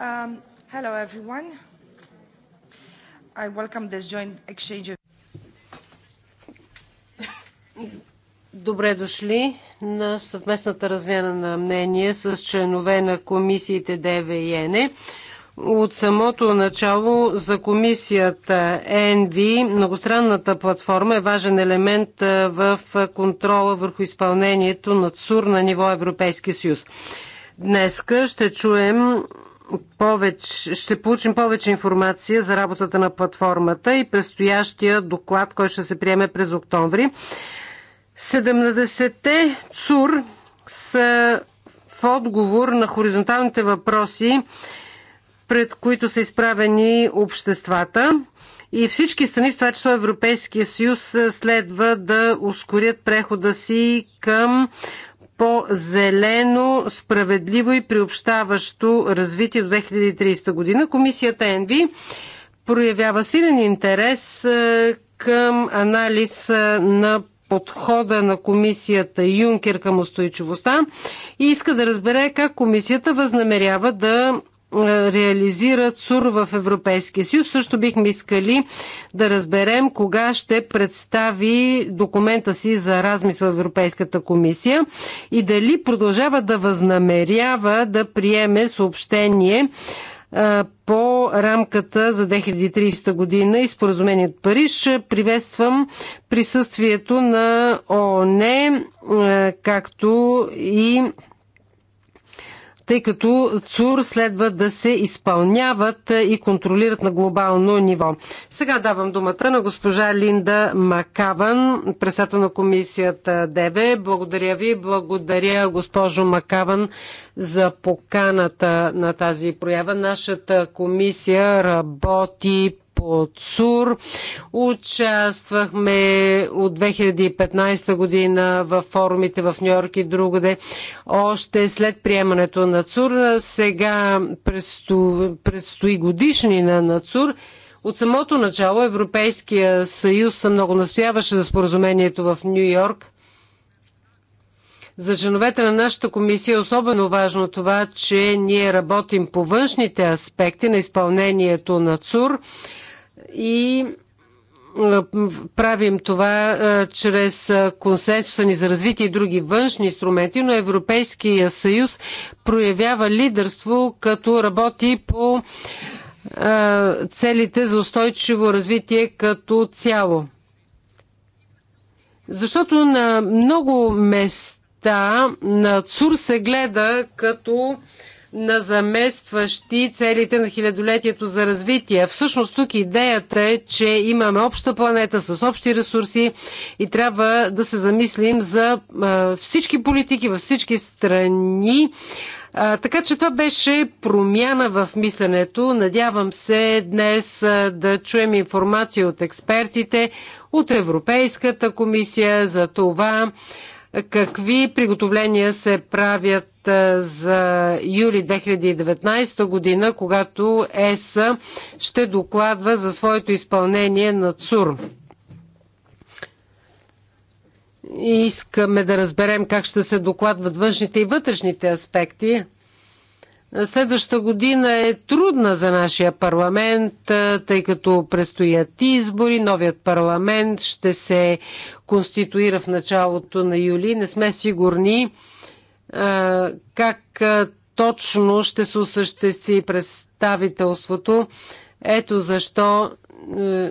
Um, hello everyone. I welcome this joint exchange. Добре дошли на съвместната размяна на мнение с членове на комисиите ДВ и ЕНЕ. От самото начало за комисията ЕНВ многостранната платформа е важен елемент в контрола върху изпълнението на ЦУР на ниво Европейски съюз. Днеска ще чуем повече, ще получим повече информация за работата на платформата и предстоящия доклад, който ще се приеме през октомври. 70-те ЦУР са в отговор на хоризонталните въпроси, пред които са изправени обществата. И всички страни, в това число Европейския съюз, следва да ускорят прехода си към по-зелено, справедливо и приобщаващо развитие в 2030 година. Комисията ЕНВИ проявява силен интерес е, към анализ е, на подхода на комисията Юнкер към устойчивостта и иска да разбере как комисията възнамерява да е, реализират СУР в Европейския съюз. Също бихме искали да разберем кога ще представи документа си за размисъл в Европейската комисия и дали продължава да възнамерява да приеме съобщение е, по рамката за 2030 година и споразумение от Париж. Приветствам присъствието на ООН, е, както и тъй като ЦУР следва да се изпълняват е, и контролират на глобално ниво. Сега давам думата на госпожа Линда Макаван, председател на комисията ДВ. Благодаря ви, благодаря госпожо Макаван за поканата на тази проява. Нашата комисия работи по ЦУР. Участвахме от 2015 година в форумите в Нью-Йорк и другаде. Още след приемането на ЦУР, сега предсто... предстои годишнина на ЦУР. От самото начало Европейския съюз много настояваше за споразумението в Нью Йорк. За членовете на нашата комисия е особено важно това, че ние работим по външните аспекти на изпълнението на ЦУР и правим това чрез консенсуса ни за развитие и други външни инструменти, но Европейския съюз проявява лидерство, като работи по целите за устойчиво развитие като цяло. Защото на много места на ЦУР се гледа като на заместващи целите на хилядолетието за развитие. Всъщност тук идеята е, че имаме обща планета с общи ресурси и трябва да се замислим за всички политики във всички страни. А, така че това беше промяна в мисленето. Надявам се днес а, да чуем информация от експертите, от Европейската комисия за това какви приготовления се правят за юли 2019 година, когато ЕС ще докладва за своето изпълнение на ЦУР. Искаме да разберем как ще се докладват външните и вътрешните аспекти. Следващата година е трудна за нашия парламент, тъй като предстоят избори, новият парламент ще се конституира в началото на юли. Не сме сигурни а, как а, точно ще се осъществи представителството. Ето защо а,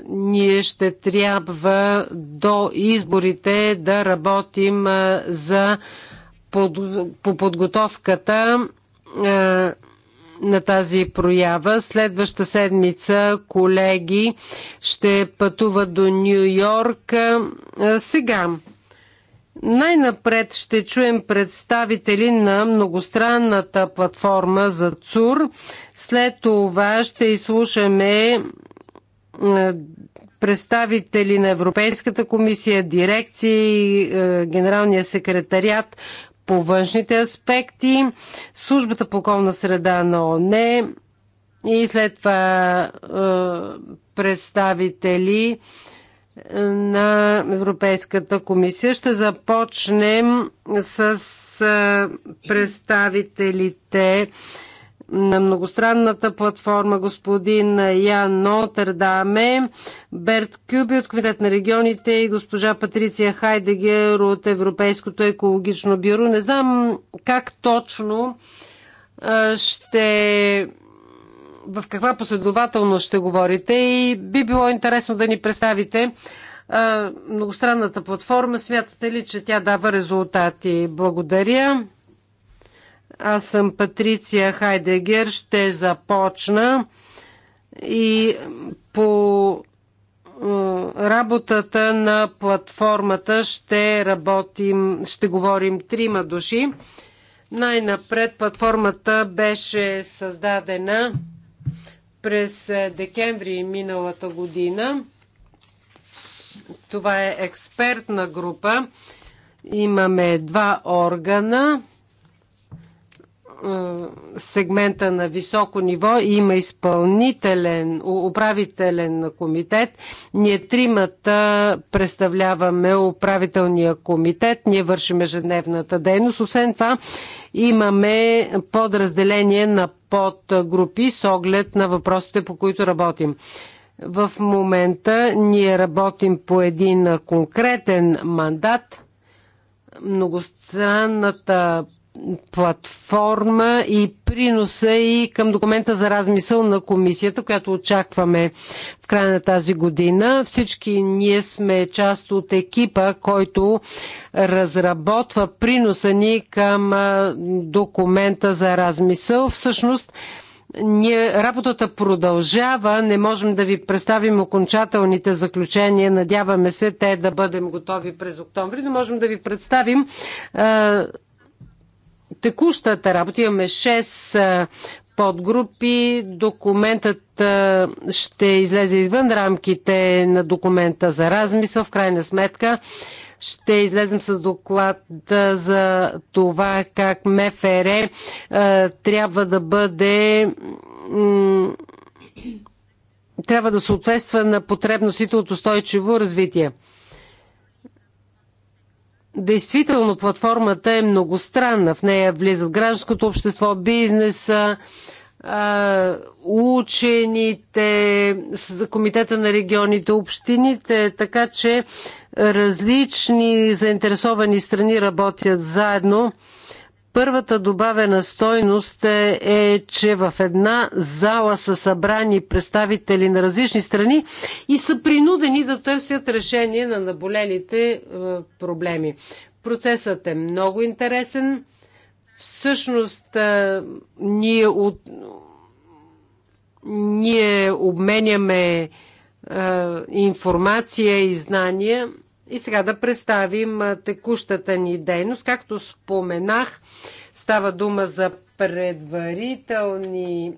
ние ще трябва до изборите да работим а, за под, по подготовката А, на тази проява. Следваща седмица колеги ще пътуват до Нью Йорк. Сега най-напред ще чуем представители на многостранната платформа за ЦУР. След това ще изслушаме представители на Европейската комисия, дирекции, генералния секретарят, по външните аспекти, службата по околна среда на ОНЕ и след това е, представители е, на Европейската комисия. Ще започнем с е, представителите на многостранната платформа господин Ян Нотердаме, Берт Кюби от Комитет на регионите и госпожа Патриция Хайдегер от Европейското екологично бюро. Не знам как точно ще в каква последователност ще говорите и би било интересно да ни представите многостранната платформа. Смятате ли, че тя дава резултати? Благодаря. Аз съм Патриция Хайдегер. Ще започна и по работата на платформата ще работим, ще говорим трима души. Най-напред платформата беше създадена през декември миналата година. Това е експертна група. Имаме два органа е, сегмента на високо ниво има изпълнителен, управителен комитет. Ние тримата представляваме управителния комитет. Ние вършим ежедневната дейност. Освен това, имаме подразделение на подгрупи с оглед на въпросите, по които работим. В момента ние работим по един конкретен мандат – многостранната платформа и приноса и към документа за размисъл на комисията, която очакваме в края на тази година. Всички ние сме част от екипа, който разработва приноса ни към документа за размисъл. Всъщност, ние, работата продължава, не можем да ви представим окончателните заключения, надяваме се те да бъдем готови през октомври, но можем да ви представим текущата работа. Имаме 6 подгрупи. Документът ще излезе извън рамките на документа за размисъл. В крайна сметка ще излезем с доклад за това как МФР трябва да бъде трябва да съответства на потребностите от устойчиво развитие. Действително платформата е многостранна. В нея влизат гражданското общество, бизнеса, учените, Комитета на регионите, общините, така че различни заинтересовани страни работят заедно. Първата добавена стойност е, е, че в една зала са събрани представители на различни страни и са принудени да търсят решение на наболелите е, проблеми. Процесът е много интересен. Всъщност, е, ние, от, ние обменяме е, информация и знания и сега да представим текущата ни дейност. Както споменах, става дума за предварителни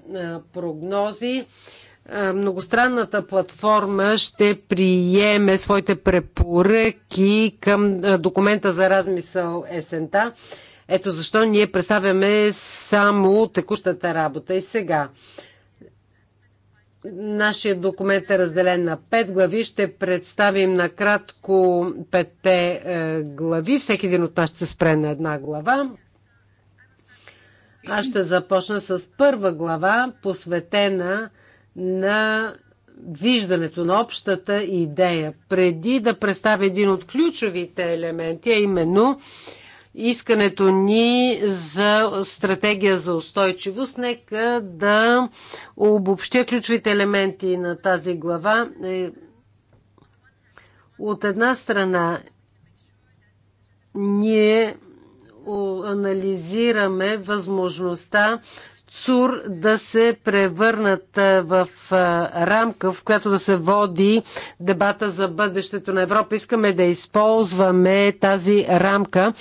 прогнози. Многостранната платформа ще приеме своите препоръки към документа за размисъл есента. Ето защо ние представяме само текущата работа и сега. Нашия документ е разделен на пет глави. Ще представим накратко петте е, глави. Всеки един от нас ще спре на една глава. Аз ще започна с първа глава, посветена на виждането на общата идея, преди да представя един от ключовите елементи, а именно искането ни за стратегия за устойчивост. Нека да обобщя ключовите елементи на тази глава. Е, от една страна, ние анализираме възможността ЦУР да се превърнат в рамка, в която да се води дебата за бъдещето на Европа. Искаме да използваме тази рамка,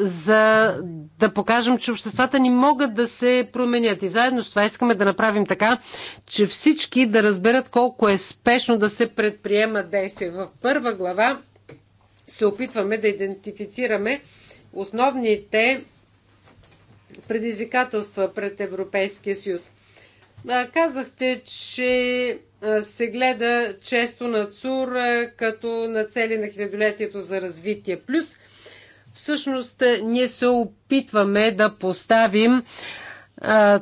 за да покажем, че обществата ни могат да се променят. И заедно с това искаме да направим така, че всички да разберат колко е спешно да се предприемат действия. В първа глава се опитваме да идентифицираме основните предизвикателства пред Европейския съюз. Казахте, че се гледа често на ЦУР като на цели на хилядолетието за развитие. Плюс, всъщност, ние се опитваме да поставим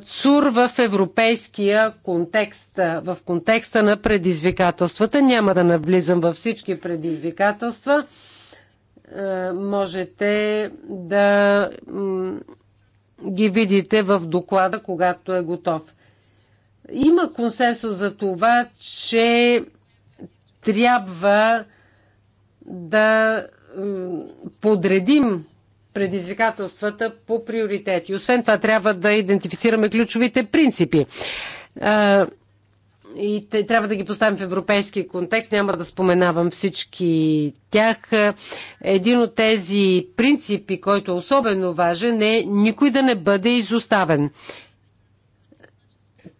ЦУР в европейския контекст, в контекста на предизвикателствата. Няма да навлизам във всички предизвикателства. Можете да ги видите в доклада, когато е готов. Има консенсус за това, че трябва да подредим предизвикателствата по приоритети. Освен това, трябва да идентифицираме ключовите принципи и те, трябва да ги поставим в европейски контекст. Няма да споменавам всички тях. Един от тези принципи, който е особено важен, е никой да не бъде изоставен.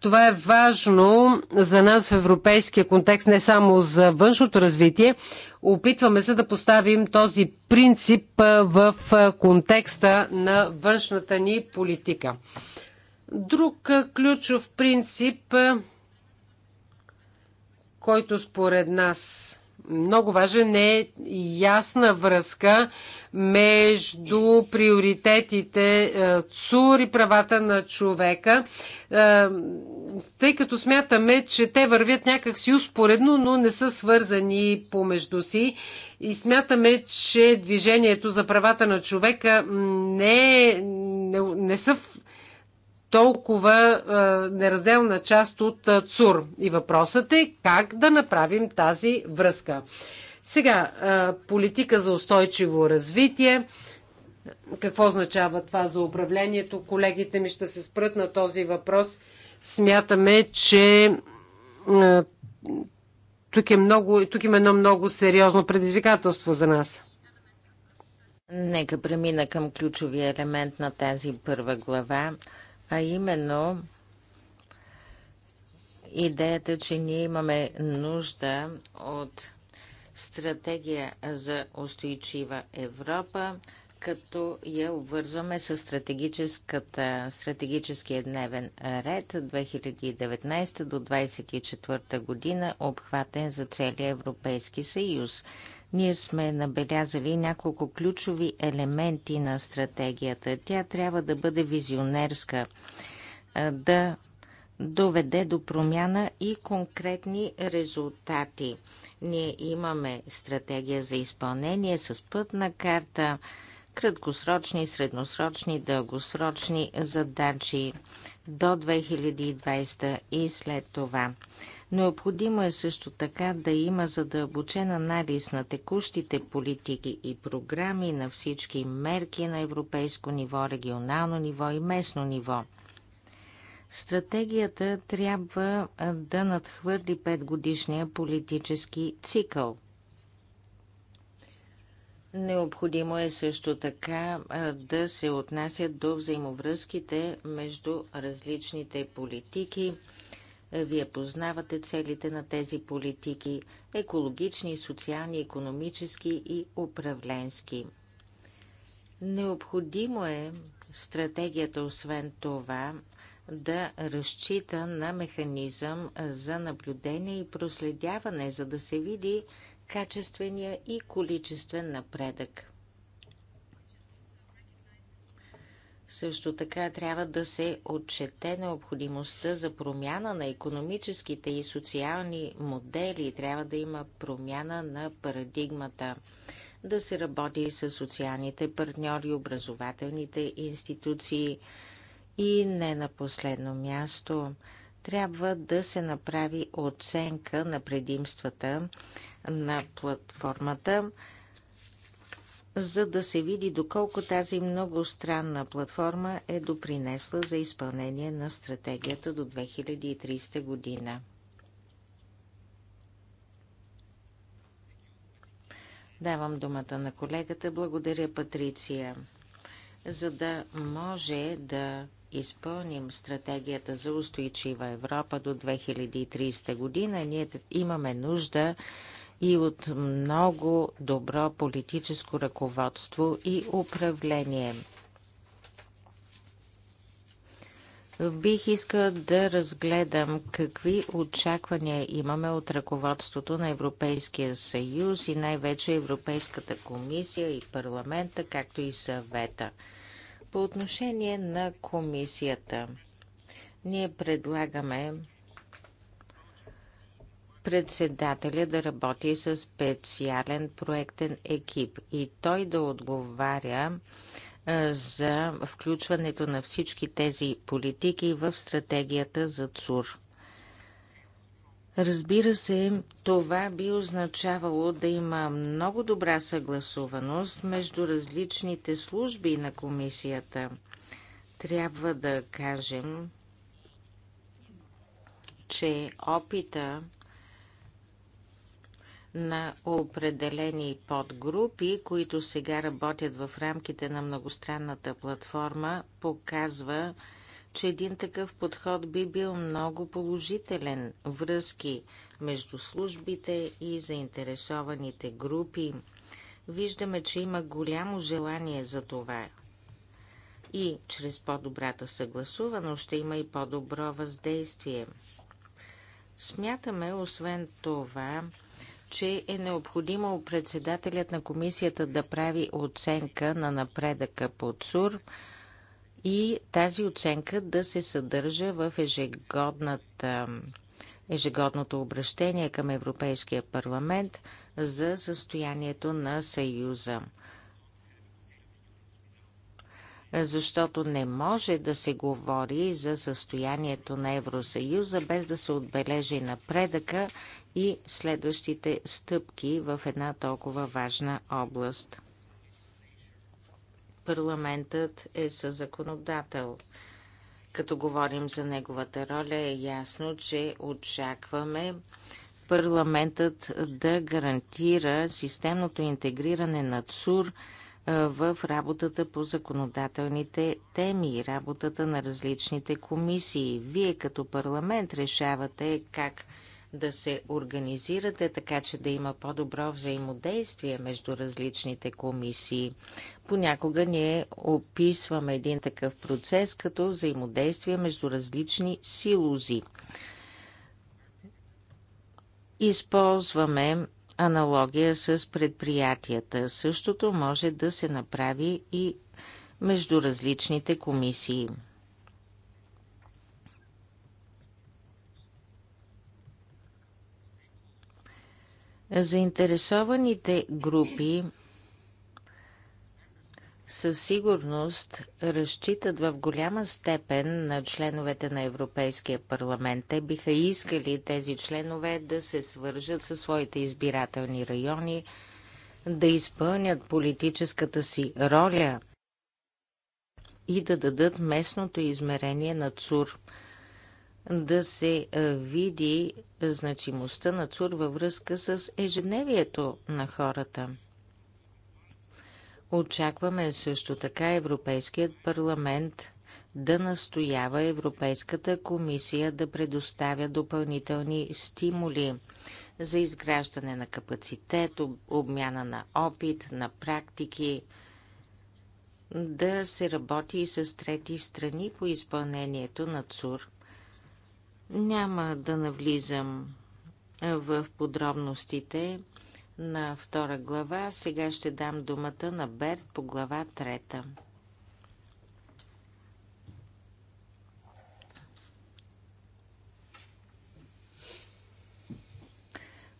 Това е важно за нас в европейския контекст, не само за външното развитие. Опитваме се да поставим този принцип в контекста на външната ни политика. Друг ключов принцип който според нас много важен е ясна връзка между приоритетите е, ЦУР и правата на човека, е, тъй като смятаме, че те вървят някакси успоредно, но не са свързани помежду си. И смятаме, че движението за правата на човека не, е, не, не са толкова а, неразделна част от а, ЦУР. И въпросът е как да направим тази връзка. Сега, а, политика за устойчиво развитие. Какво означава това за управлението? Колегите ми ще се спрат на този въпрос. Смятаме, че а, тук, е много, тук има едно много сериозно предизвикателство за нас. Нека премина към ключовия елемент на тази първа глава а именно идеята, че ние имаме нужда от стратегия за устойчива Европа, като я обвързваме с стратегическата, стратегическия дневен ред 2019 до 2024 година, обхватен за целия Европейски съюз. Ние сме набелязали няколко ключови елементи на стратегията. Тя трябва да бъде визионерска, да доведе до промяна и конкретни резултати. Ние имаме стратегия за изпълнение с пътна карта, краткосрочни, средносрочни, дългосрочни задачи до 2020 и след това. Необходимо е също така да има задълбочен анализ на текущите политики и програми на всички мерки на европейско ниво, регионално ниво и местно ниво. Стратегията трябва да надхвърли петгодишния политически цикъл. Необходимо е също така да се отнасят до взаимовръзките между различните политики вие познавате целите на тези политики – екологични, социални, економически и управленски. Необходимо е стратегията, освен това, да разчита на механизъм за наблюдение и проследяване, за да се види качествения и количествен напредък. Също така трябва да се отчете необходимостта за промяна на економическите и социални модели. Трябва да има промяна на парадигмата. Да се работи с социалните партньори, образователните институции и не на последно място. Трябва да се направи оценка на предимствата на платформата за да се види доколко тази многостранна платформа е допринесла за изпълнение на стратегията до 2030 година. Давам думата на колегата. Благодаря, Патриция. За да може да изпълним стратегията за устойчива Европа до 2030 година, ние имаме нужда и от много добро политическо ръководство и управление. Бих искал да разгледам какви очаквания имаме от ръководството на Европейския съюз и най-вече Европейската комисия и парламента, както и съвета. По отношение на комисията, ние предлагаме председателя да работи с специален проектен екип и той да отговаря за включването на всички тези политики в стратегията за ЦУР. Разбира се, това би означавало да има много добра съгласуваност между различните служби на комисията. Трябва да кажем, че опита на определени подгрупи, които сега работят в рамките на многостранната платформа, показва, че един такъв подход би бил много положителен. Връзки между службите и заинтересованите групи. Виждаме, че има голямо желание за това. И чрез по-добрата съгласуваност ще има и по-добро въздействие. Смятаме, освен това, че е необходимо председателят на комисията да прави оценка на напредъка по ЦУР и тази оценка да се съдържа в ежегодното обращение към Европейския парламент за състоянието на Съюза. Защото не може да се говори за състоянието на Евросъюза без да се отбележи напредъка и следващите стъпки в една толкова важна област. Парламентът е със законодател. Като говорим за неговата роля, е ясно, че очакваме парламентът да гарантира системното интегриране на ЦУР в работата по законодателните теми и работата на различните комисии. Вие като парламент решавате как да се организирате така, че да има по-добро взаимодействие между различните комисии. Понякога ние описваме един такъв процес като взаимодействие между различни силузи. Използваме аналогия с предприятията. Същото може да се направи и между различните комисии. Заинтересованите групи със сигурност разчитат в голяма степен на членовете на Европейския парламент. Те биха искали тези членове да се свържат със своите избирателни райони, да изпълнят политическата си роля и да дадат местното измерение на ЦУР да се е, види е, значимостта на ЦУР във връзка с ежедневието на хората. Очакваме също така Европейският парламент да настоява Европейската комисия да предоставя допълнителни стимули за изграждане на капацитет, обмяна на опит, на практики, да се работи и с трети страни по изпълнението на ЦУР. Няма да навлизам в подробностите на втора глава. Сега ще дам думата на Берт по глава трета.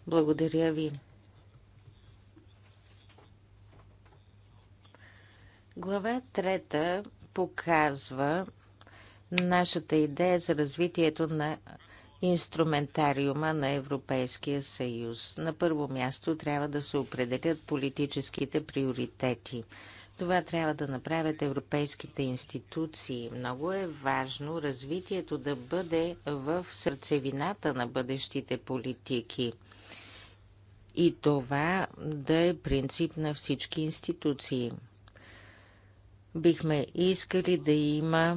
Благодаря ви. Глава трета показва нашата идея за развитието на инструментариума на Европейския съюз. На първо място трябва да се определят политическите приоритети. Това трябва да направят европейските институции. Много е важно развитието да бъде в сърцевината на бъдещите политики. И това да е принцип на всички институции. Бихме искали да има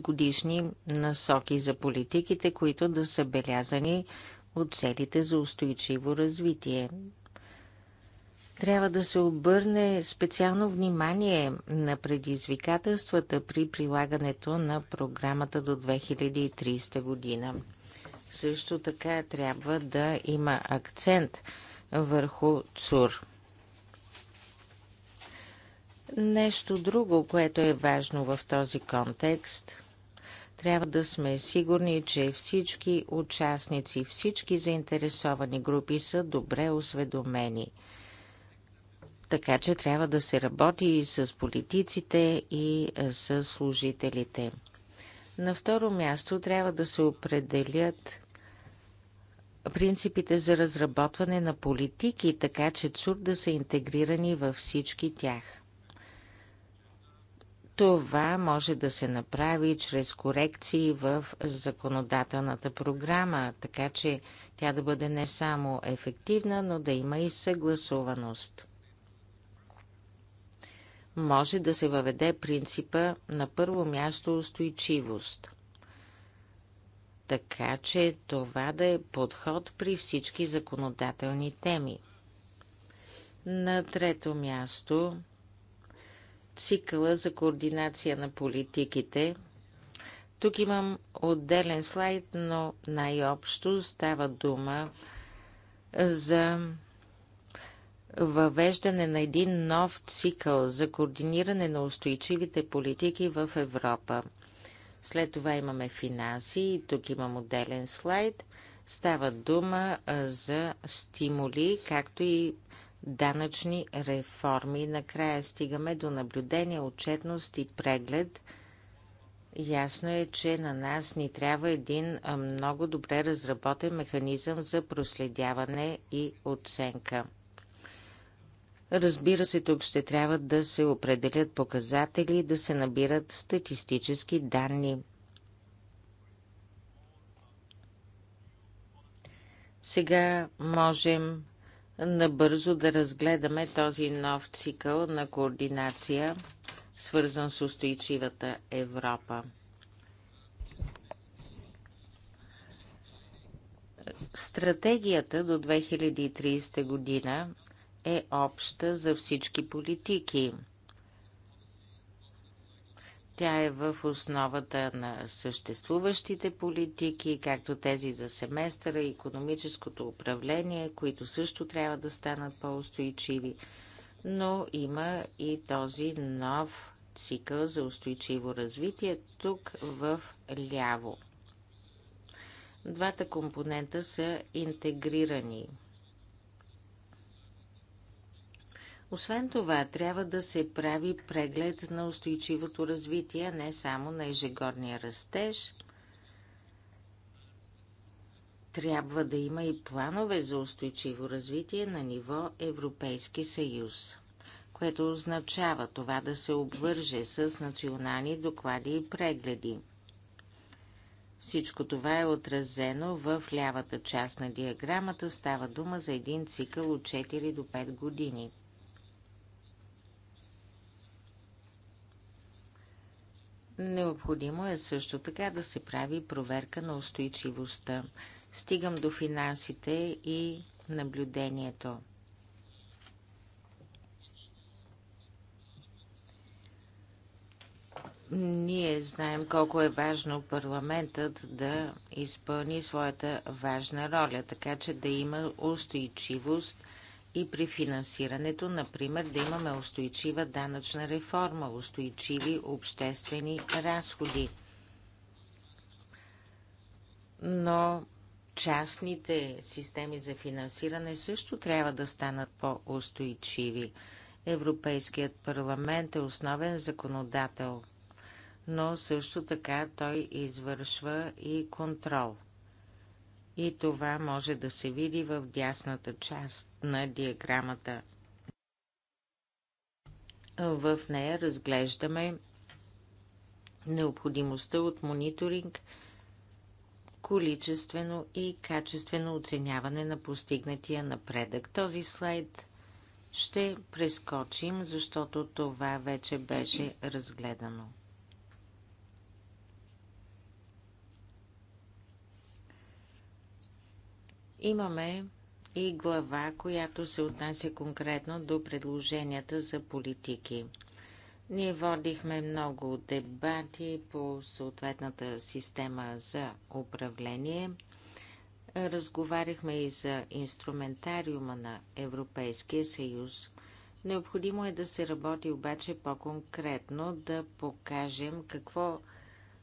годишни насоки за политиките, които да са белязани от целите за устойчиво развитие. Трябва да се обърне специално внимание на предизвикателствата при прилагането на програмата до 2030 година. Също така трябва да има акцент върху ЦУР. Нещо друго, което е важно в този контекст, трябва да сме сигурни, че всички участници, всички заинтересовани групи са добре осведомени. Така че трябва да се работи и с политиците, и с служителите. На второ място трябва да се определят принципите за разработване на политики, така че ЦУР да са интегрирани във всички тях. Това може да се направи чрез корекции в законодателната програма, така че тя да бъде не само ефективна, но да има и съгласуваност. Може да се въведе принципа на първо място устойчивост. Така че това да е подход при всички законодателни теми. На трето място цикъла за координация на политиките. Тук имам отделен слайд, но най-общо става дума за въвеждане на един нов цикъл за координиране на устойчивите политики в Европа. След това имаме финанси и тук имам отделен слайд. Става дума за стимули, както и данъчни реформи. Накрая стигаме до наблюдение, отчетност и преглед. Ясно е, че на нас ни трябва един много добре разработен механизъм за проследяване и оценка. Разбира се, тук ще трябва да се определят показатели, да се набират статистически данни. Сега можем набързо да разгледаме този нов цикъл на координация, свързан с устойчивата Европа. Стратегията до 2030 година е обща за всички политики – тя е в основата на съществуващите политики, както тези за семестъра, економическото управление, които също трябва да станат по-устойчиви. Но има и този нов цикъл за устойчиво развитие тук в ляво. Двата компонента са интегрирани – Освен това, трябва да се прави преглед на устойчивото развитие, не само на ежегодния растеж. Трябва да има и планове за устойчиво развитие на ниво Европейски съюз, което означава това да се обвърже с национални доклади и прегледи. Всичко това е отразено в лявата част на диаграмата. Става дума за един цикъл от 4 до 5 години – Необходимо е също така да се прави проверка на устойчивостта. Стигам до финансите и наблюдението. Ние знаем колко е важно парламентът да изпълни своята важна роля, така че да има устойчивост – и при финансирането, например, да имаме устойчива данъчна реформа, устойчиви обществени разходи. Но частните системи за финансиране също трябва да станат по-устойчиви. Европейският парламент е основен законодател, но също така той извършва и контрол и това може да се види в дясната част на диаграмата. В нея разглеждаме необходимостта от мониторинг, количествено и качествено оценяване на постигнатия напредък. Този слайд ще прескочим, защото това вече беше разгледано. Имаме и глава, която се отнася конкретно до предложенията за политики. Ние водихме много дебати по съответната система за управление. Разговаряхме и за инструментариума на Европейския съюз. Необходимо е да се работи обаче по-конкретно, да покажем какво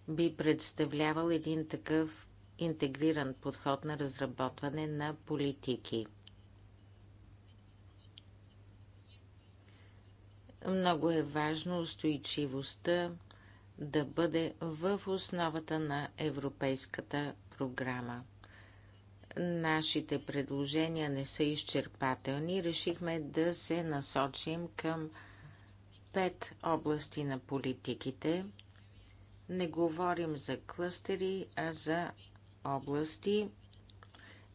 би представлявал един такъв интегриран подход на разработване на политики. Много е важно устойчивостта да бъде в основата на европейската програма. Нашите предложения не са изчерпателни. Решихме да се насочим към пет области на политиките. Не говорим за клъстери, а за области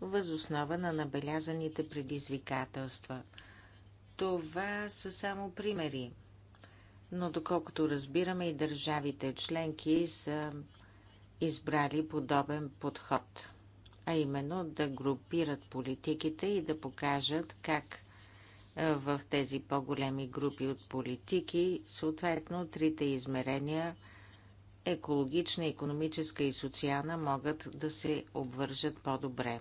възоснова на набелязаните предизвикателства. Това са само примери. Но доколкото разбираме и държавите членки са избрали подобен подход, а именно да групират политиките и да покажат как в тези по-големи групи от политики, съответно трите измерения – екологична, економическа и социална могат да се обвържат по-добре.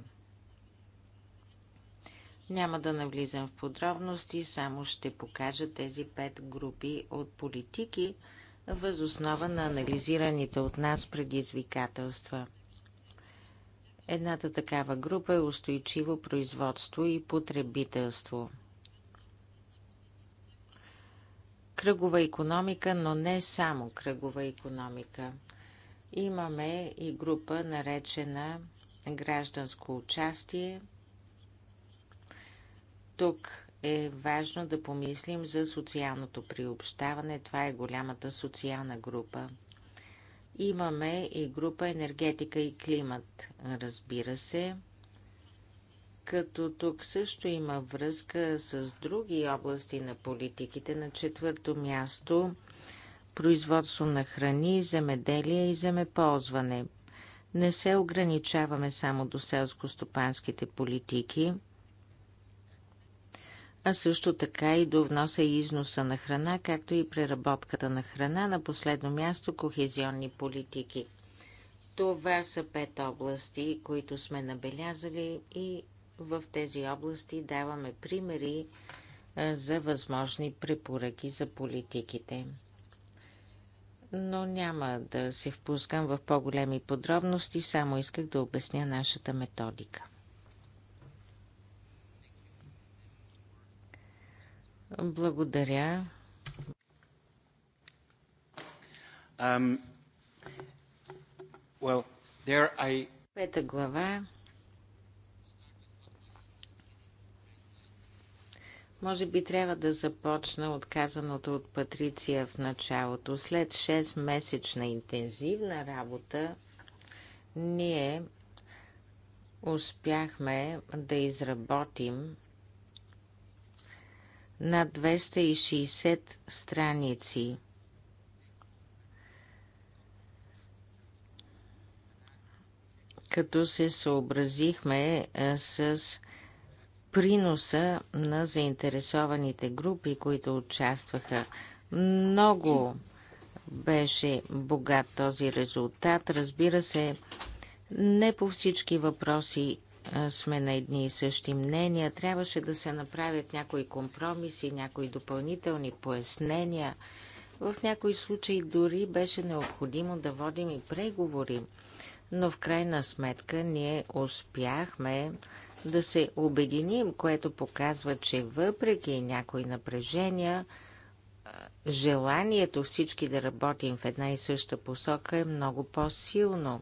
Няма да навлизам в подробности, само ще покажа тези пет групи от политики възоснова на анализираните от нас предизвикателства. Едната такава група е устойчиво производство и потребителство – кръгова економика, но не само кръгова економика. Имаме и група наречена гражданско участие. Тук е важно да помислим за социалното приобщаване. Това е голямата социална група. Имаме и група енергетика и климат, разбира се като тук също има връзка с други области на политиките. На четвърто място производство на храни, земеделие и земеползване. Не се ограничаваме само до селско-стопанските политики, а също така и до вноса и износа на храна, както и преработката на храна. На последно място кохезионни политики. Това са пет области, които сме набелязали и в тези области даваме примери за възможни препоръки за политиките. Но няма да се впускам в по-големи подробности, само исках да обясня нашата методика. Благодаря. Um, well, there I... Пета глава Може би трябва да започна отказаното от Патриция в началото. След 6-месечна интензивна работа, ние успяхме да изработим на 260 страници. Като се съобразихме с приноса на заинтересованите групи, които участваха. Много беше богат този резултат. Разбира се, не по всички въпроси сме на едни и същи мнения. Трябваше да се направят някои компромиси, някои допълнителни пояснения. В някои случаи дори беше необходимо да водим и преговори. Но в крайна сметка ние успяхме да се обединим, което показва, че въпреки някои напрежения, желанието всички да работим в една и съща посока е много по-силно.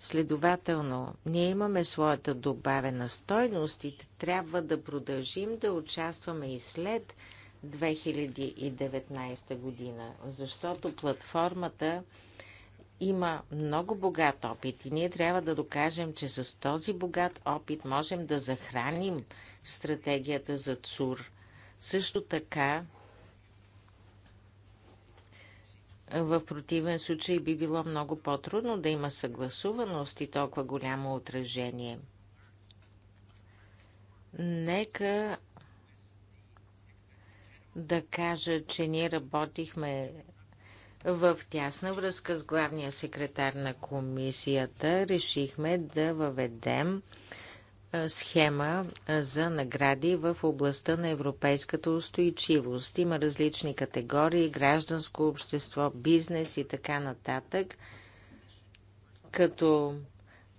Следователно, ние имаме своята добавена стойност и трябва да продължим да участваме и след 2019 година, защото платформата има много богат опит и ние трябва да докажем, че с този богат опит можем да захраним стратегията за ЦУР. Също така, в противен случай би било много по-трудно да има съгласуваност и толкова голямо отражение. Нека да кажа, че ние работихме в тясна връзка с главния секретар на комисията решихме да въведем схема за награди в областта на европейската устойчивост. Има различни категории гражданско общество, бизнес и така нататък. Като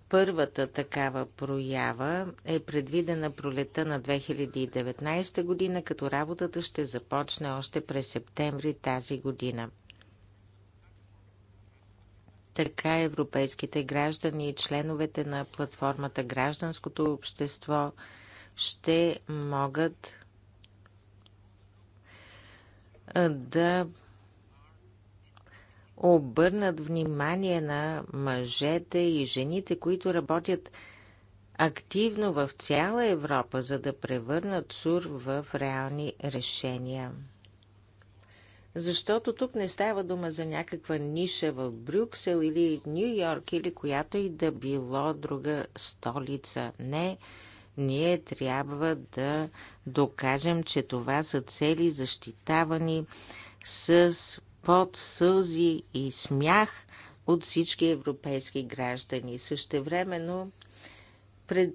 първата такава проява е предвидена пролета на 2019 година, като работата ще започне още през септември тази година така европейските граждани и членовете на платформата Гражданското общество ще могат да обърнат внимание на мъжете и жените, които работят активно в цяла Европа, за да превърнат СУР в реални решения. Защото тук не става дума за някаква ниша в Брюксел или Нью Йорк или която и да било друга столица. Не, ние трябва да докажем, че това са цели защитавани с под сълзи и смях от всички европейски граждани. Същевременно пред,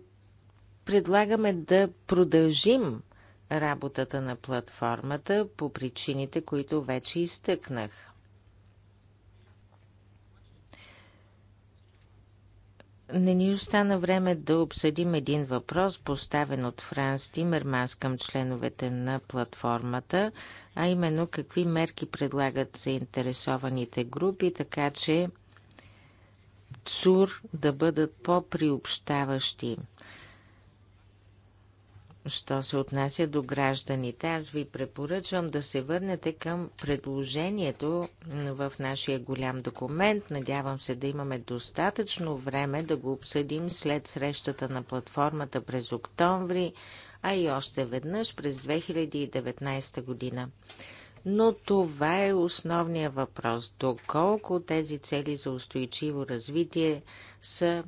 предлагаме да продължим работата на платформата по причините, които вече изтъкнах. Не ни остана време да обсъдим един въпрос, поставен от Франс Тимерманс към членовете на платформата, а именно какви мерки предлагат заинтересованите групи, така че ЦУР да бъдат по-приобщаващи – Що се отнася до гражданите, аз ви препоръчвам да се върнете към предложението в нашия голям документ. Надявам се да имаме достатъчно време да го обсъдим след срещата на платформата през октомври, а и още веднъж през 2019 година. Но това е основният въпрос. Доколко тези цели за устойчиво развитие са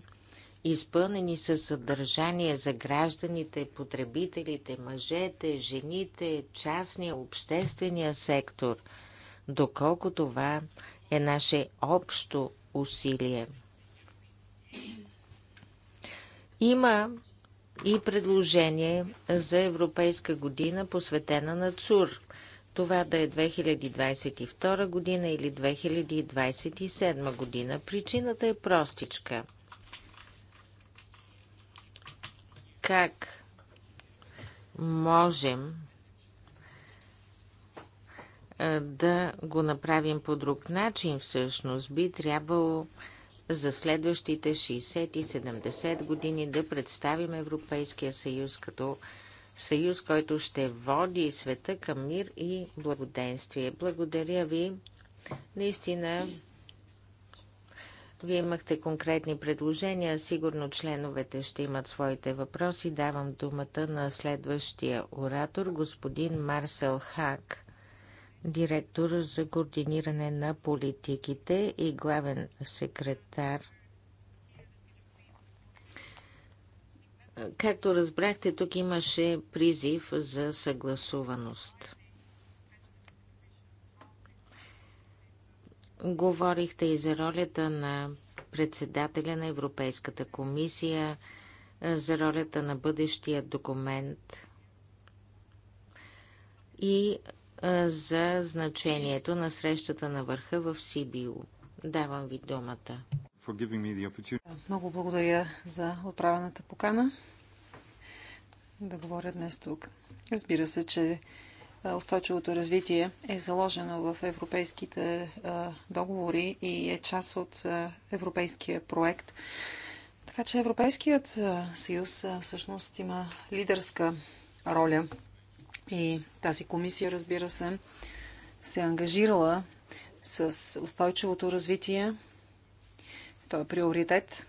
изпълнени със съдържание за гражданите, потребителите, мъжете, жените, частния, обществения сектор, доколко това е наше общо усилие. Има и предложение за Европейска година, посветена на ЦУР. Това да е 2022 година или 2027 година. Причината е простичка. как можем да го направим по друг начин, всъщност би трябвало за следващите 60 и 70 години да представим Европейския съюз като съюз, който ще води света към мир и благоденствие. Благодаря ви. Наистина вие имахте конкретни предложения, сигурно членовете ще имат своите въпроси. Давам думата на следващия оратор, господин Марсел Хак, директор за координиране на политиките и главен секретар Както разбрахте, тук имаше призив за съгласуваност. Говорихте и за ролята на председателя на Европейската комисия, е, за ролята на бъдещия документ и е, за значението на срещата на върха в Сибио. Давам ви думата. Много благодаря за отправената покана да говоря днес тук. Разбира се, че устойчивото развитие е заложено в европейските договори и е част от европейския проект. Така че Европейският съюз всъщност има лидерска роля и тази комисия, разбира се, се е ангажирала с устойчивото развитие. Той е приоритет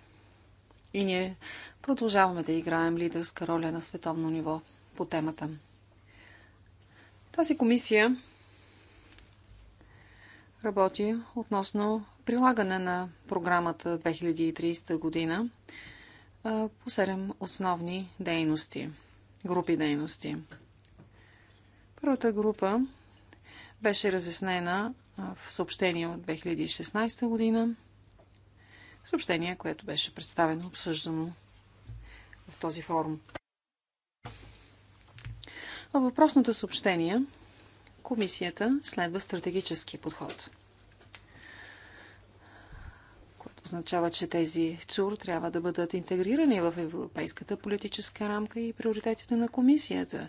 и ние продължаваме да играем лидерска роля на световно ниво по темата. Тази комисия работи относно прилагане на програмата 2030 година по 7 основни дейности, групи дейности. Първата група беше разяснена в съобщение от 2016 година. Съобщение, което беше представено, обсъждано в този форум. Във въпросното съобщение комисията следва стратегически подход, което означава, че тези ЦУР трябва да бъдат интегрирани в европейската политическа рамка и приоритетите на комисията.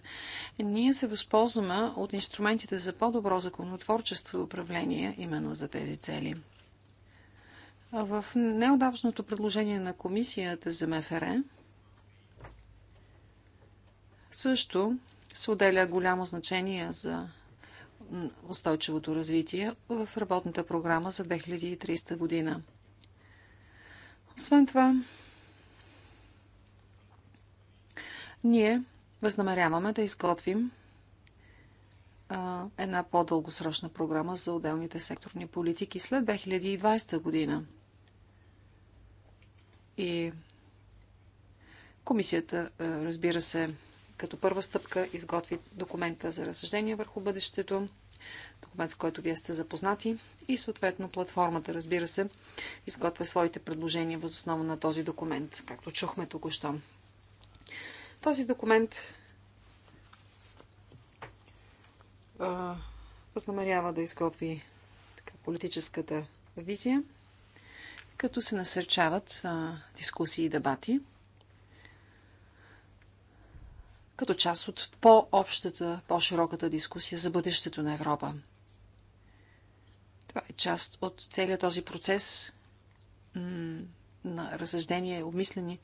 Ние се възползваме от инструментите за по-добро законотворчество и управление именно за тези цели. В неодавшното предложение на комисията за МФР също се отделя голямо значение за устойчивото развитие в работната програма за 2030 година. Освен това, ние възнамеряваме да изготвим една по-дългосрочна програма за отделните секторни политики след 2020 година. И комисията, разбира се, като първа стъпка изготви документа за разсъждение върху бъдещето, документ с който вие сте запознати и съответно платформата, разбира се, изготвя своите предложения въз основа на този документ, както чухме току-що. Този документ а, възнамерява да изготви така, политическата визия, като се насърчават а, дискусии и дебати – като част от по-общата, по-широката дискусия за бъдещето на Европа. Това е част от целият този процес на разсъждение, обмислени,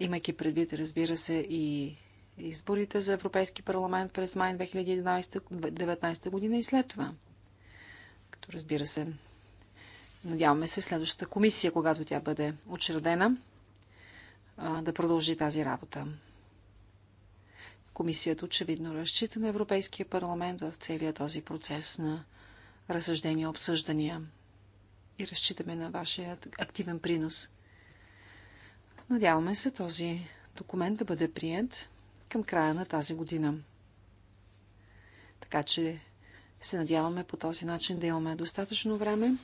имайки предвид, разбира се, и изборите за Европейски парламент през май 2019 година и след това. Като разбира се, надяваме се следващата комисия, когато тя бъде учредена, да продължи тази работа. Комисията очевидно разчита на Европейския парламент в целия този процес на разсъждения, обсъждания и разчитаме на вашия активен принос. Надяваме се този документ да бъде прият към края на тази година. Така че се надяваме по този начин да имаме достатъчно време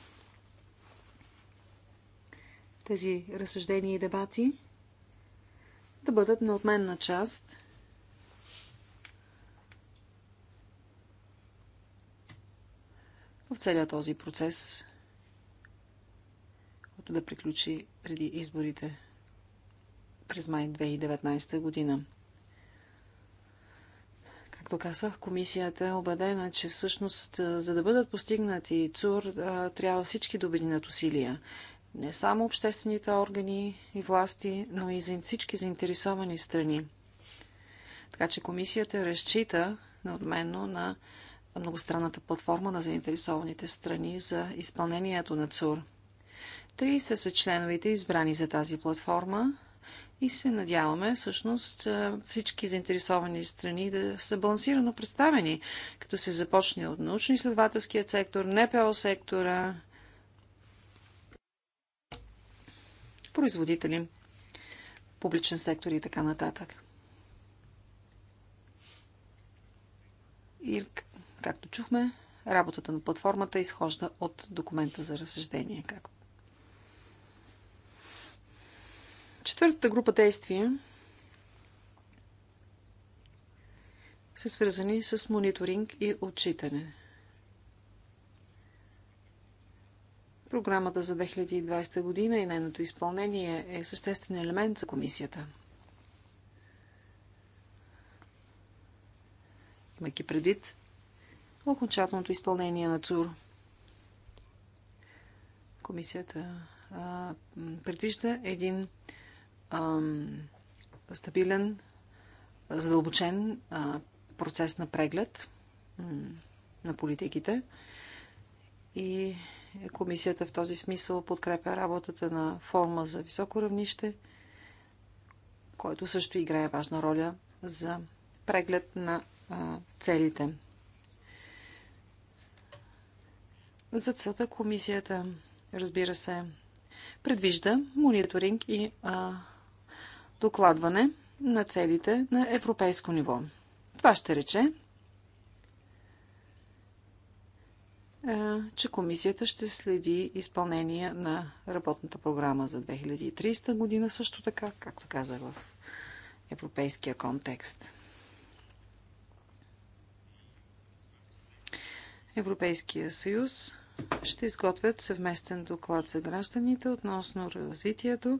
тези разсъждения и дебати да бъдат на отменна част целият целия този процес, който да приключи преди изборите през май 2019 година. Както казах, комисията е убедена, че всъщност за да бъдат постигнати ЦУР, трябва всички да обединят усилия. Не само обществените органи и власти, но и за всички заинтересовани страни. Така че комисията разчита неотменно на многостранната платформа на заинтересованите страни за изпълнението на ЦУР. 30 са членовете избрани за тази платформа и се надяваме всъщност всички заинтересовани страни да са балансирано представени, като се започне от научно-изследователският сектор, НПО сектора, производители, публичен сектор и така нататък. И Както чухме, работата на платформата изхожда от документа за разсъждение. Четвъртата група действия са свързани с мониторинг и отчитане. Програмата за 2020 година и нейното изпълнение е съществен елемент за комисията. Имайки предвид окончателното изпълнение на ЦУР. Комисията а, предвижда един а, стабилен, задълбочен а, процес на преглед на политиките и комисията в този смисъл подкрепя работата на форма за високо равнище, който също играе важна роля за преглед на целите За целта комисията, разбира се, предвижда мониторинг и а, докладване на целите на европейско ниво. Това ще рече, а, че комисията ще следи изпълнение на работната програма за 2030 година също така, както казах в европейския контекст. Европейския съюз ще изготвят съвместен доклад за гражданите относно развитието,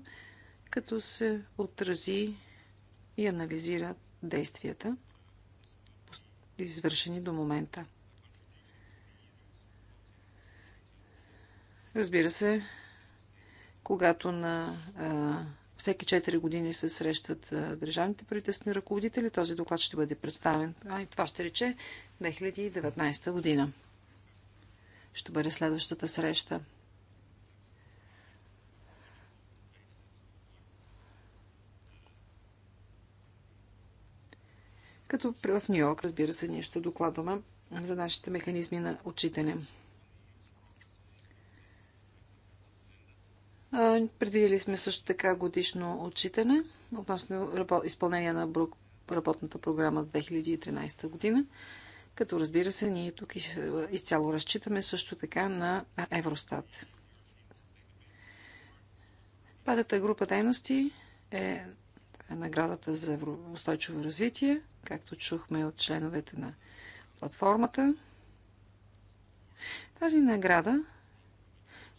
като се отрази и анализира действията, извършени до момента. Разбира се, когато на а, всеки 4 години се срещат а, държавните правителствени ръководители, този доклад ще бъде представен. А и това ще рече 2019 година ще бъде следващата среща. Като в Нью Йорк, разбира се, ние ще докладваме за нашите механизми на отчитане. Предвидели сме също така годишно отчитане относно изпълнение на работната програма 2013 година като разбира се, ние тук изцяло разчитаме също така на Евростат. Падата група дейности е наградата за устойчиво развитие, както чухме от членовете на платформата. Тази награда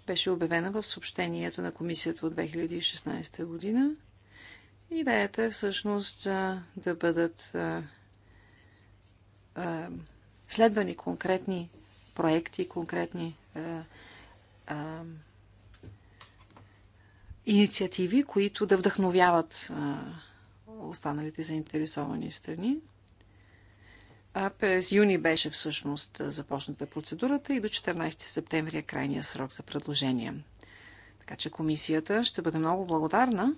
беше обявена в съобщението на комисията от 2016 година. Идеята е всъщност да бъдат следвани конкретни проекти, конкретни инициативи, които да вдъхновяват останалите заинтересовани страни. А през юни беше всъщност започната процедурата и до 14 септември е крайния срок за предложения. Така че комисията ще бъде много благодарна,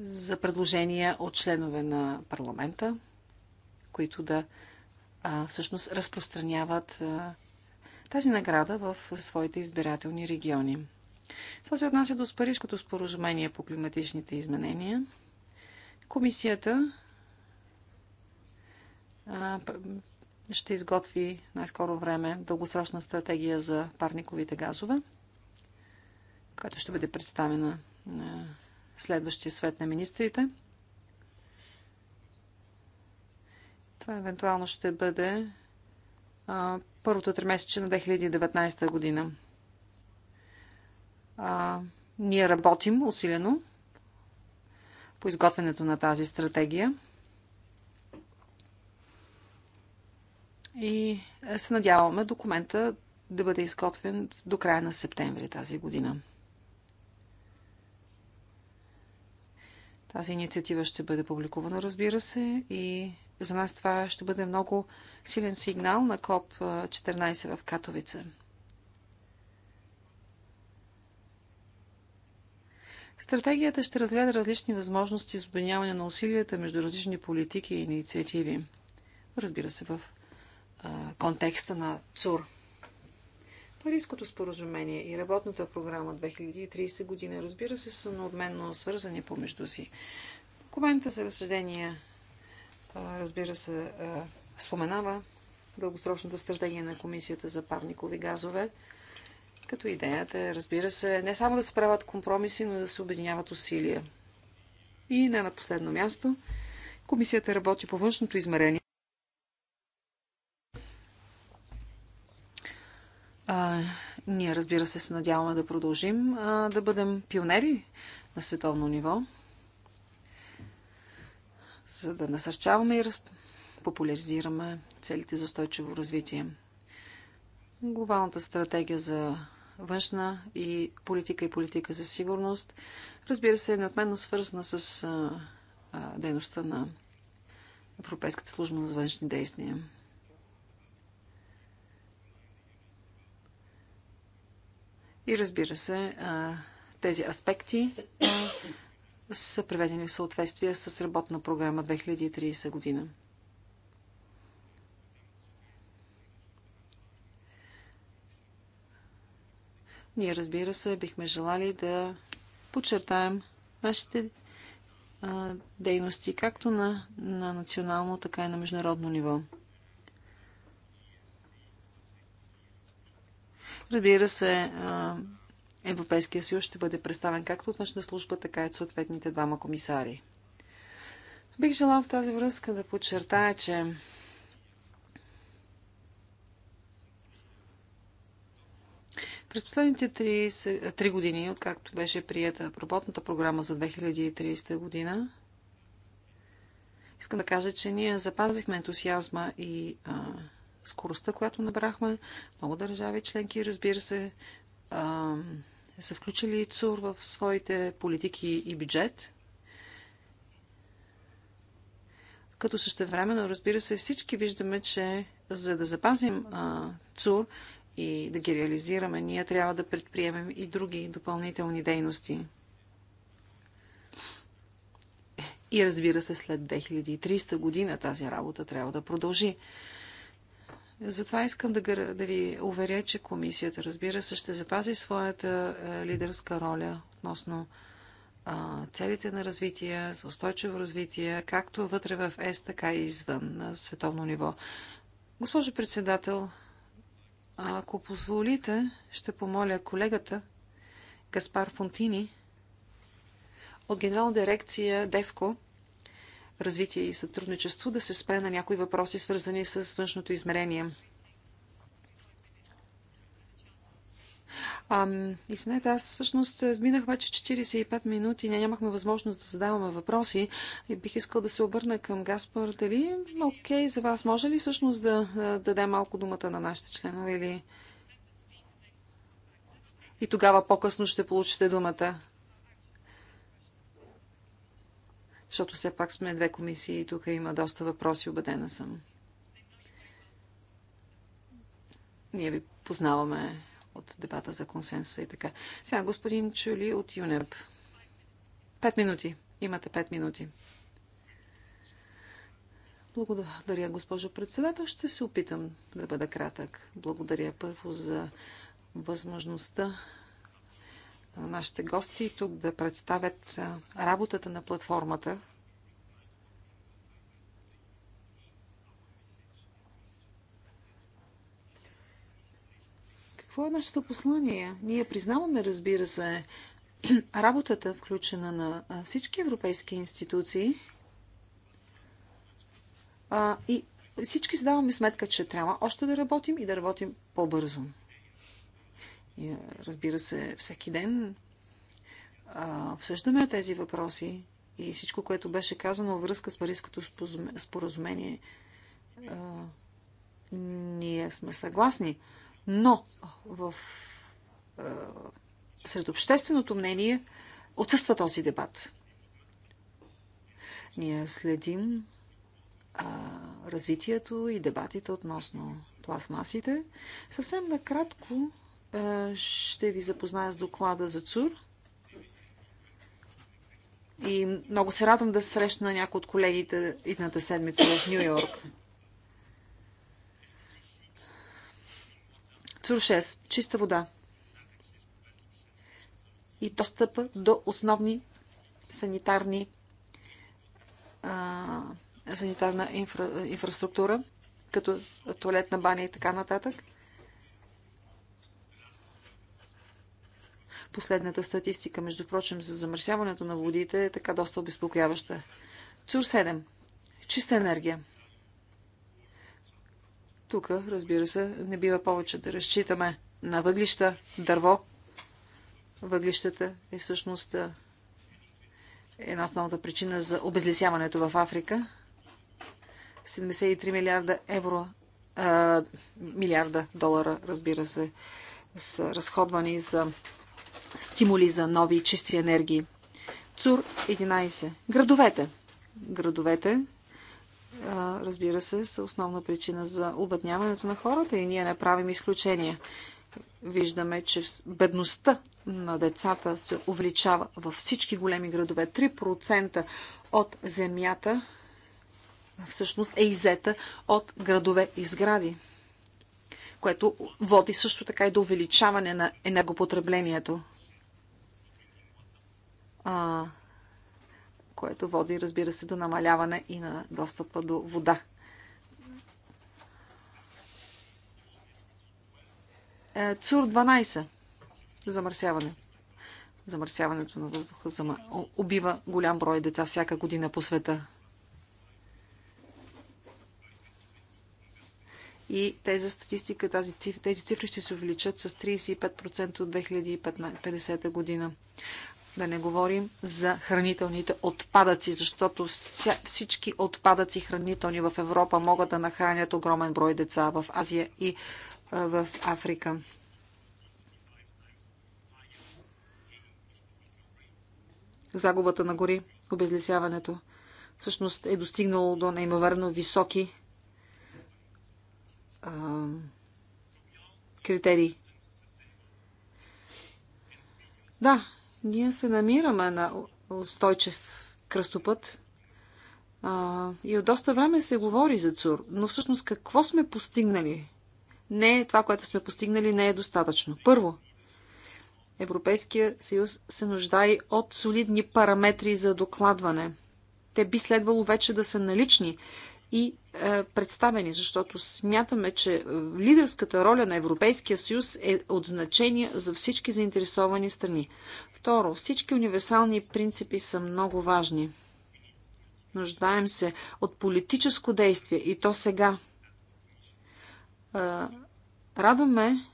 за предложения от членове на парламента, които да а, всъщност разпространяват а, тази награда в своите избирателни региони. Това се отнася до Парижското споразумение по климатичните изменения. Комисията а, ще изготви най-скоро време дългосрочна стратегия за парниковите газове, която ще бъде представена на следващия свет на министрите. Това евентуално ще бъде а, първото тримесечие на 2019 година. А, ние работим усилено по изготвянето на тази стратегия. И е, се надяваме документа да бъде изготвен до края на септември тази година. Тази инициатива ще бъде публикувана, разбира се, и за нас това ще бъде много силен сигнал на КОП 14 в Катовица. Стратегията ще разгледа различни възможности за обединяване на усилията между различни политики и инициативи. Разбира се, в а, контекста на ЦУР. Парижското споразумение и работната програма 2030 година, разбира се, са неотменно свързани помежду си. Документа за разсъждения, разбира се, споменава дългосрочната стратегия на Комисията за парникови газове, като идеята е, разбира се, не само да се правят компромиси, но да се обединяват усилия. И не на последно място, Комисията работи по външното измерение А, ние, разбира се, се надяваме да продължим а, да бъдем пионери на световно ниво, за да насърчаваме и разп... популяризираме целите за устойчиво развитие. Глобалната стратегия за външна и политика и политика за сигурност, разбира се, е неотменно свързана с а, а, дейността на Европейската служба за външни действия. И разбира се, тези аспекти са преведени в съответствие с работна програма 2030 година. Ние, разбира се, бихме желали да подчертаем нашите а, дейности както на, на национално, така и на международно ниво. Разбира се, Европейския съюз ще бъде представен както от външна служба, така и от съответните двама комисари. Бих желал в тази връзка да подчертая, че През последните три, три години, откакто беше прията работната програма за 2030 година, искам да кажа, че ние запазихме ентусиазма и а, скоростта, която набрахме. Много държави членки, разбира се, са включили ЦУР в своите политики и бюджет. Като същевременно, разбира се, всички виждаме, че за да запазим ЦУР и да ги реализираме, ние трябва да предприемем и други допълнителни дейности. И разбира се, след 2300 година тази работа трябва да продължи. Затова искам да, да ви уверя, че комисията, разбира се, ще запази своята е, лидерска роля относно целите на развитие, за устойчиво развитие, както вътре в ЕС, така и извън на световно ниво. Госпожо председател, ако позволите, ще помоля колегата Гаспар Фонтини от Генерална дирекция ДЕВКО развитие и сътрудничество да се спре на някои въпроси, свързани с външното измерение. извинете, аз всъщност е, минах вече 45 минути, нямахме възможност да задаваме въпроси и бих искал да се обърна към Гаспар. Дали окей за вас? Може ли всъщност да, е, да даде малко думата на нашите членове или... И тогава по-късно ще получите думата. защото все пак сме две комисии и тук има доста въпроси, убедена съм. Ние ви познаваме от дебата за консенсуса и така. Сега господин Чули от ЮНЕП. Пет минути. Имате пет минути. Благодаря, госпожо председател. Ще се опитам да бъда кратък. Благодаря първо за възможността нашите гости тук да представят работата на платформата. Какво е нашето послание? Ние признаваме, разбира се, работата, включена на всички европейски институции. и всички задаваме сметка, че трябва още да работим и да работим по-бързо. Е, разбира се, всеки ден обсъждаме тези въпроси и всичко, което беше казано във връзка с Парижското споразумение, ние сме съгласни. Но в, сред общественото мнение отсъства този дебат. Ние следим а, развитието и дебатите относно пластмасите. Съвсем накратко е, ще ви запозная с доклада за ЦУР. И много се радвам да се срещна някои от колегите идната седмица в Нью Йорк. ЦУР 6. Чиста вода. И достъпа до основни санитарни а, санитарна инфра, инфраструктура, като туалетна баня и така нататък – Последната статистика, между прочим, за замърсяването на водите е така доста обезпокояваща. ЦУР 7. Чиста енергия. Тук, разбира се, не бива повече да разчитаме на въглища, дърво. Въглищата е всъщност една основната причина за обезлесяването в Африка. 73 милиарда евро, а, милиарда долара, разбира се, са разходвани за стимули за нови и чисти енергии. ЦУР 11. Градовете. Градовете, разбира се, са основна причина за обедняването на хората и ние не правим изключения. Виждаме, че бедността на децата се увеличава във всички големи градове. 3% от земята всъщност е изета от градове и сгради, което води също така и до увеличаване на енергопотреблението а, което води, разбира се, до намаляване и на достъпа до вода. Е, ЦУР 12. Замърсяване. Замърсяването на въздуха зама... убива голям брой деца всяка година по света. И тези статистика, тази циф... тези цифри ще се увеличат с 35% от 2050 година. Да не говорим за хранителните отпадъци, защото всички отпадъци хранителни в Европа могат да нахранят огромен брой деца в Азия и в Африка. Загубата на гори, обезлисяването всъщност е достигнало до неимоверно високи критерии. Да, ние се намираме на устойчив кръстопът а, и от доста време се говори за ЦУР, но всъщност какво сме постигнали? Не, това, което сме постигнали, не е достатъчно. Първо, Европейския съюз се нуждае от солидни параметри за докладване. Те би следвало вече да са налични и е, представени, защото смятаме, че лидерската роля на Европейския съюз е от значение за всички заинтересовани страни. Второ, всички универсални принципи са много важни. Нуждаем се от политическо действие и то сега. Е, радваме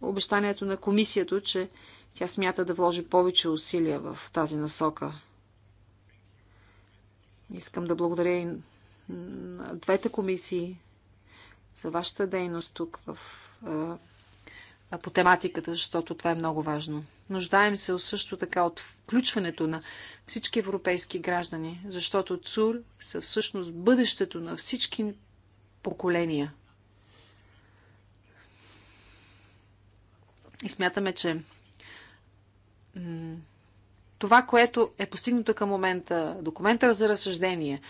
обещанието на комисията, че тя смята да вложи повече усилия в тази насока. Искам да благодаря и двете комисии за вашата дейност тук в, а, по тематиката, защото това е много важно. Нуждаем се също така от включването на всички европейски граждани, защото ЦУР са всъщност бъдещето на всички поколения. И смятаме, че това, което е постигнато към момента, документа за разсъждение,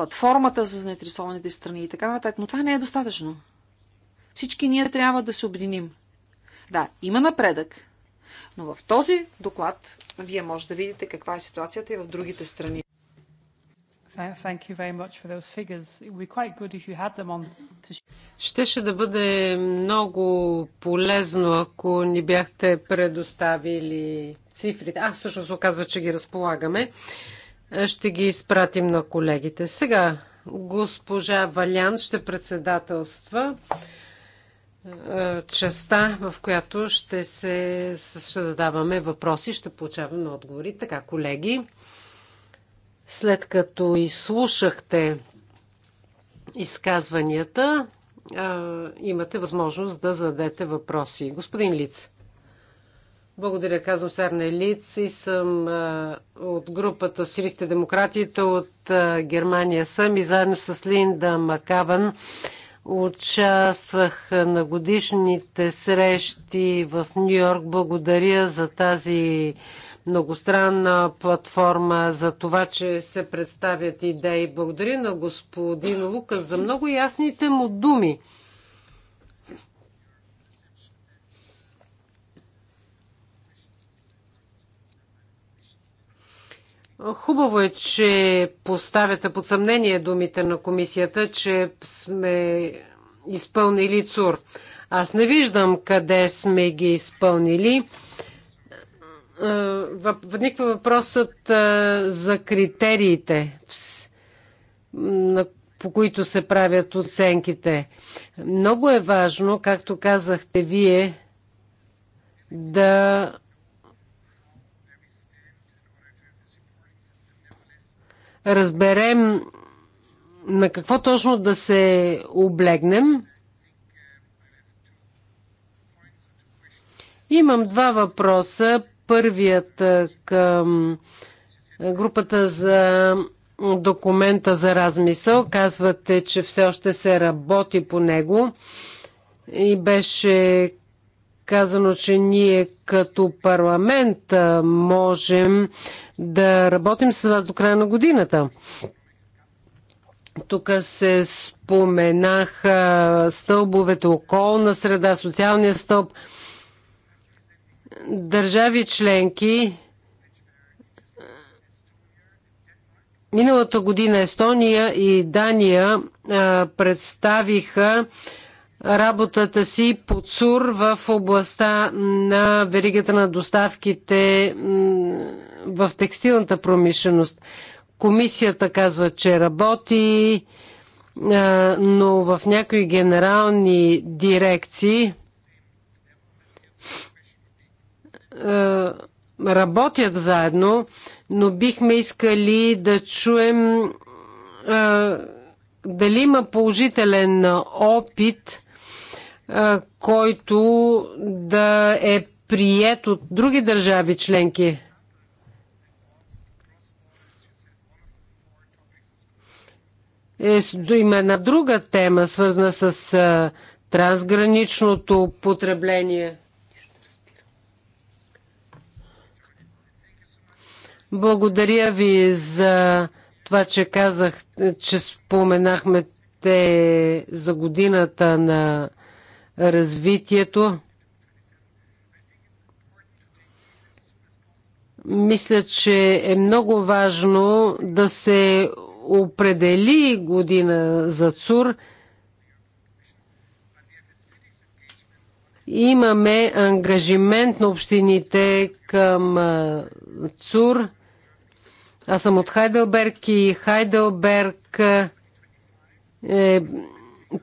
платформата за заинтересованите страни и така нататък. Но това не е достатъчно. Всички ние трябва да се обединим. Да, има напредък, но в този доклад вие може да видите каква е ситуацията и в другите страни. Щеше да бъде много полезно, ако ни бяхте предоставили цифрите. А, всъщност оказва, че ги разполагаме. Ще ги изпратим на колегите. Сега госпожа Валян ще председателства е, частта, в която ще, се, ще задаваме въпроси, ще получаваме отговори. Така, колеги, след като изслушахте изказванията, е, имате възможност да зададете въпроси. Господин Лиц. Благодаря, казвам Сарна Елиц и съм а, от групата Сирийските демократите от а, Германия съм и заедно с Линда Макаван участвах на годишните срещи в Нью Йорк. Благодаря за тази многостранна платформа, за това, че се представят идеи. Благодаря на господин Лукас за много ясните му думи. Хубаво е, че поставяте под съмнение думите на комисията, че сме изпълнили ЦУР. Аз не виждам къде сме ги изпълнили. Е, Въдниква въпросът е, за критериите, по които се правят оценките. Много е важно, както казахте вие, да разберем на какво точно да се облегнем. Имам два въпроса. Първият към групата за документа за размисъл. Казвате, че все още се работи по него и беше казано, че ние като парламент можем да работим с вас до края на годината. Тук се споменаха стълбовете околна среда, социалния стълб. Държави членки. Миналата година Естония и Дания представиха работата си под СУР в областта на веригата на доставките в текстилната промишленост. Комисията казва, че работи, но в някои генерални дирекции работят заедно, но бихме искали да чуем дали има положителен опит който да е прият от други държави членки. Е, има една друга тема, свързана с а, трансграничното потребление. Благодаря ви за това, че казах, че споменахме те за годината на развитието. Мисля, че е много важно да се определи година за ЦУР. Имаме ангажимент на общините към ЦУР. Аз съм от Хайделберг и Хайделберг е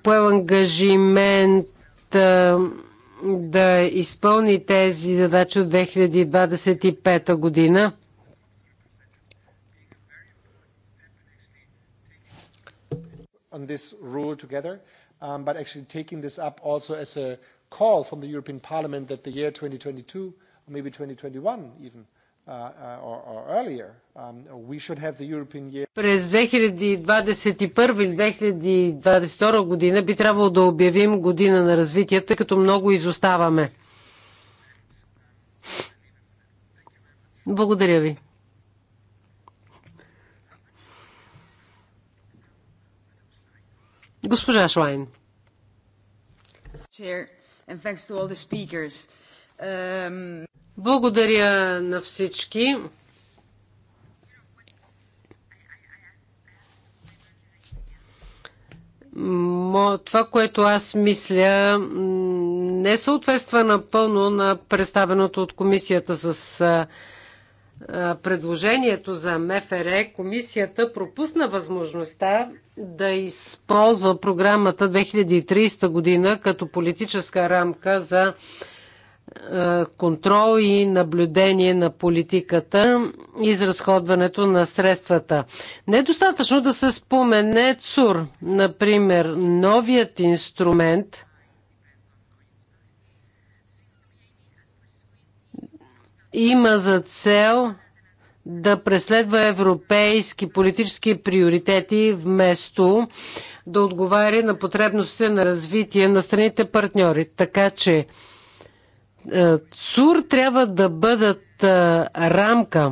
поел ангажимент да изпълни тези задачи от 2025 година. on this rule together, um, but actually taking this up also as a call from the European Parliament that the year 2022, or maybe 2021 even, Uh, uh, um, През 2021 или 2022 година би трябвало да обявим година на развитието, тъй като много изоставаме. Благодаря ви. Госпожа Шлайн. Благодаря на всички. това, което аз мисля, не съответства напълно на представеното от комисията с предложението за МФР. Комисията пропусна възможността да използва програмата 2030 година като политическа рамка за е, контрол и наблюдение на политиката и изразходването на средствата. Не е достатъчно да се спомене ЦУР. Например, новият инструмент има за цел да преследва европейски политически приоритети вместо да отговаря на потребностите на развитие на страните партньори. Така че е, ЦУР трябва да бъдат е, рамка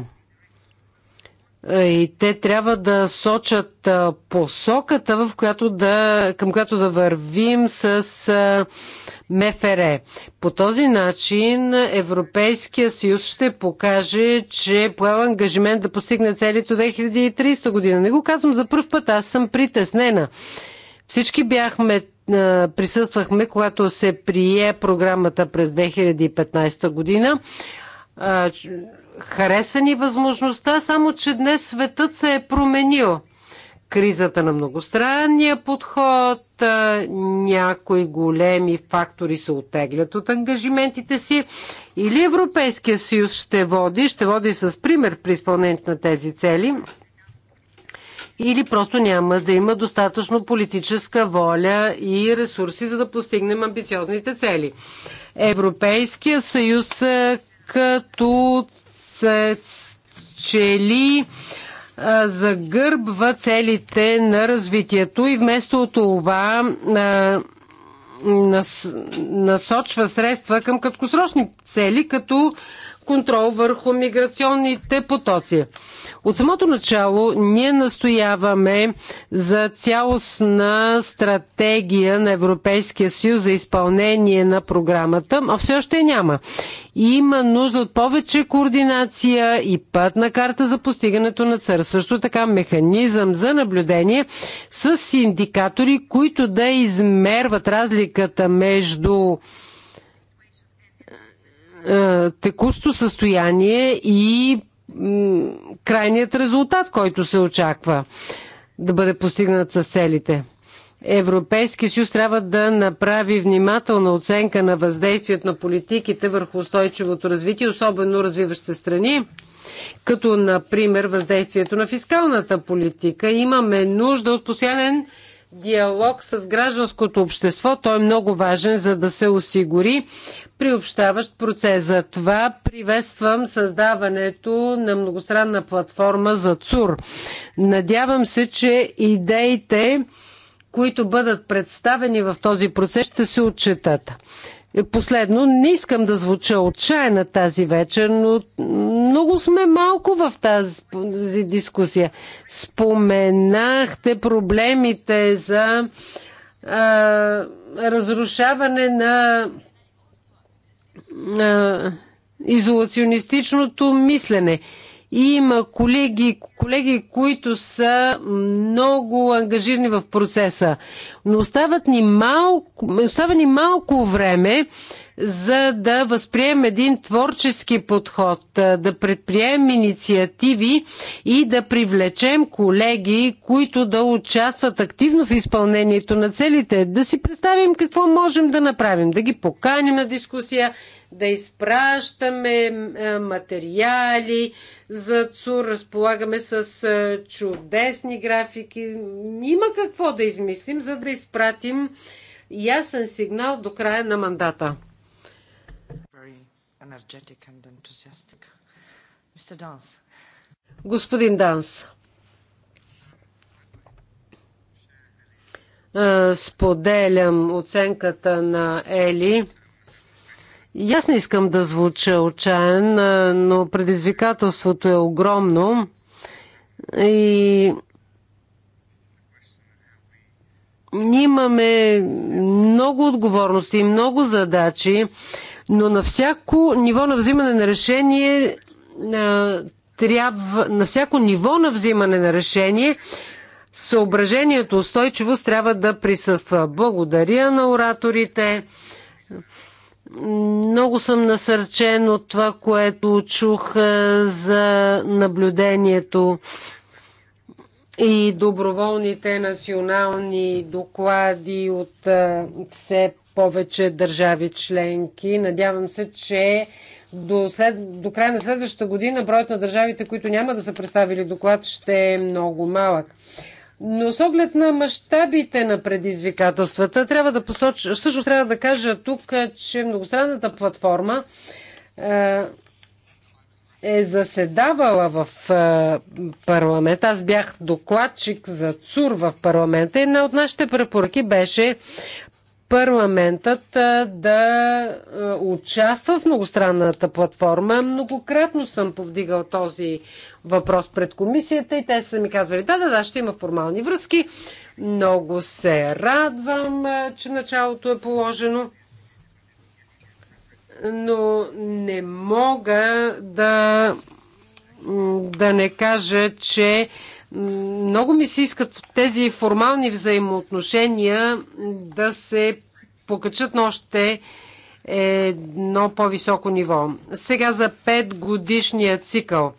е, и те трябва да сочат посоката, в която да, към която да вървим с МФР. По този начин Европейския съюз ще покаже, че поема ангажимент да постигне целите 2030 година. Не го казвам за първ път, аз съм притеснена. Всички бяхме присъствахме, когато се прие програмата през 2015 година. Хареса ни възможността, само че днес светът се е променил. Кризата на многостранния подход, някои големи фактори се отеглят от ангажиментите си или Европейския съюз ще води, ще води с пример при изпълнението на тези цели – или просто няма да има достатъчно политическа воля и ресурси, за да постигнем амбициозните цели. Европейския съюз е, като чели е, загърбва целите на развитието и вместо това е, насочва средства към краткосрочни цели, като контрол върху миграционните потоци. От самото начало ние настояваме за цялостна стратегия на Европейския съюз за изпълнение на програмата, а все още няма. Има нужда от повече координация и пътна карта за постигането на ЦР. Също така механизъм за наблюдение с индикатори, които да измерват разликата между е, текущо състояние и крайният резултат, който се очаква да бъде постигнат с целите. Европейския съюз трябва да направи внимателна оценка на въздействието на политиките върху устойчивото развитие, особено развиващите страни, като например въздействието на фискалната политика. Имаме нужда от постоянен диалог с гражданското общество. Той е много важен, за да се осигури приобщаващ процес. За това приветствам създаването на многостранна платформа за ЦУР. Надявам се, че идеите, които бъдат представени в този процес, ще се отчетат. Последно, не искам да звуча отчаяна тази вечер, но много сме малко в тази дискусия. Споменахте проблемите за а, разрушаване на изолационистичното мислене. И има колеги, колеги, които са много ангажирани в процеса. Но остават ни малко, остава ни малко време за да възприем един творчески подход, да предприем инициативи и да привлечем колеги, които да участват активно в изпълнението на целите, да си представим какво можем да направим, да ги поканим на дискусия, да изпращаме материали за ЦУР, разполагаме с чудесни графики. Има какво да измислим, за да изпратим ясен сигнал до края на мандата energetic and enthusiastic. Mr. Dance. Господин Данс, споделям оценката на Ели. И аз не искам да звуча отчаян, но предизвикателството е огромно. И ние имаме много отговорности и много задачи но на всяко ниво на взимане на решение трябва, на всяко ниво на взимане на решение съображението устойчивост трябва да присъства. Благодаря на ораторите. Много съм насърчен от това, което чух за наблюдението и доброволните национални доклади от СЕП повече държави членки. Надявам се, че до, след, до края на следващата година броят на държавите, които няма да са представили доклад, ще е много малък. Но с оглед на мащабите на предизвикателствата, трябва да посоча, също трябва да кажа тук, че многостранната платформа е, е заседавала в е, парламент. Аз бях докладчик за ЦУР в парламента. Една от нашите препоръки беше парламентът да участва в многостранната платформа. Многократно съм повдигал този въпрос пред комисията и те са ми казвали, да, да, да, ще има формални връзки. Много се радвам, че началото е положено. Но не мога да, да не кажа, че много ми се искат тези формални взаимоотношения да се покачат на още едно по-високо ниво. Сега за 5 годишния цикъл.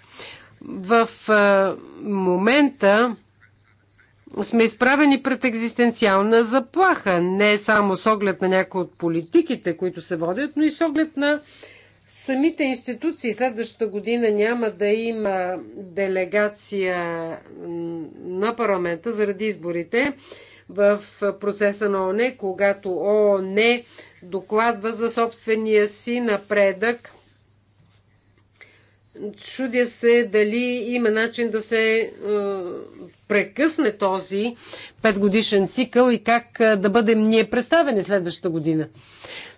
В е, момента сме изправени пред екзистенциална заплаха, не само с оглед на някои от политиките, които се водят, но и с оглед на Самите институции следващата година няма да има делегация на парламента заради изборите в процеса на ОНЕ, когато ООН докладва за собствения си напредък. Чудя се дали има начин да се е, прекъсне този петгодишен цикъл и как е, да бъдем ние представени следващата година.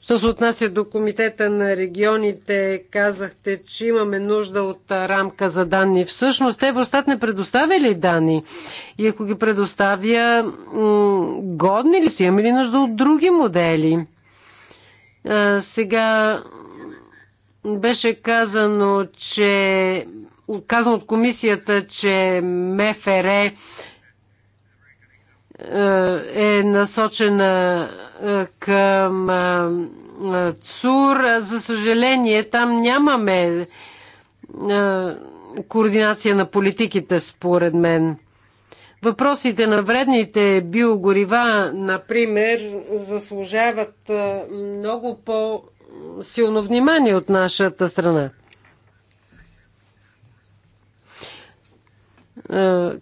Що се отнася до Комитета на регионите, казахте, че имаме нужда от рамка за данни. Всъщност, Евростат не предоставя ли данни? И ако ги предоставя, годни ли си? Имаме ли нужда от други модели? А, сега беше казано, че казано от комисията, че МФР е, е насочена е, към е, ЦУР. За съжаление, там нямаме координация на политиките, според мен. Въпросите на вредните биогорива, например, заслужават много по-силно внимание от нашата страна.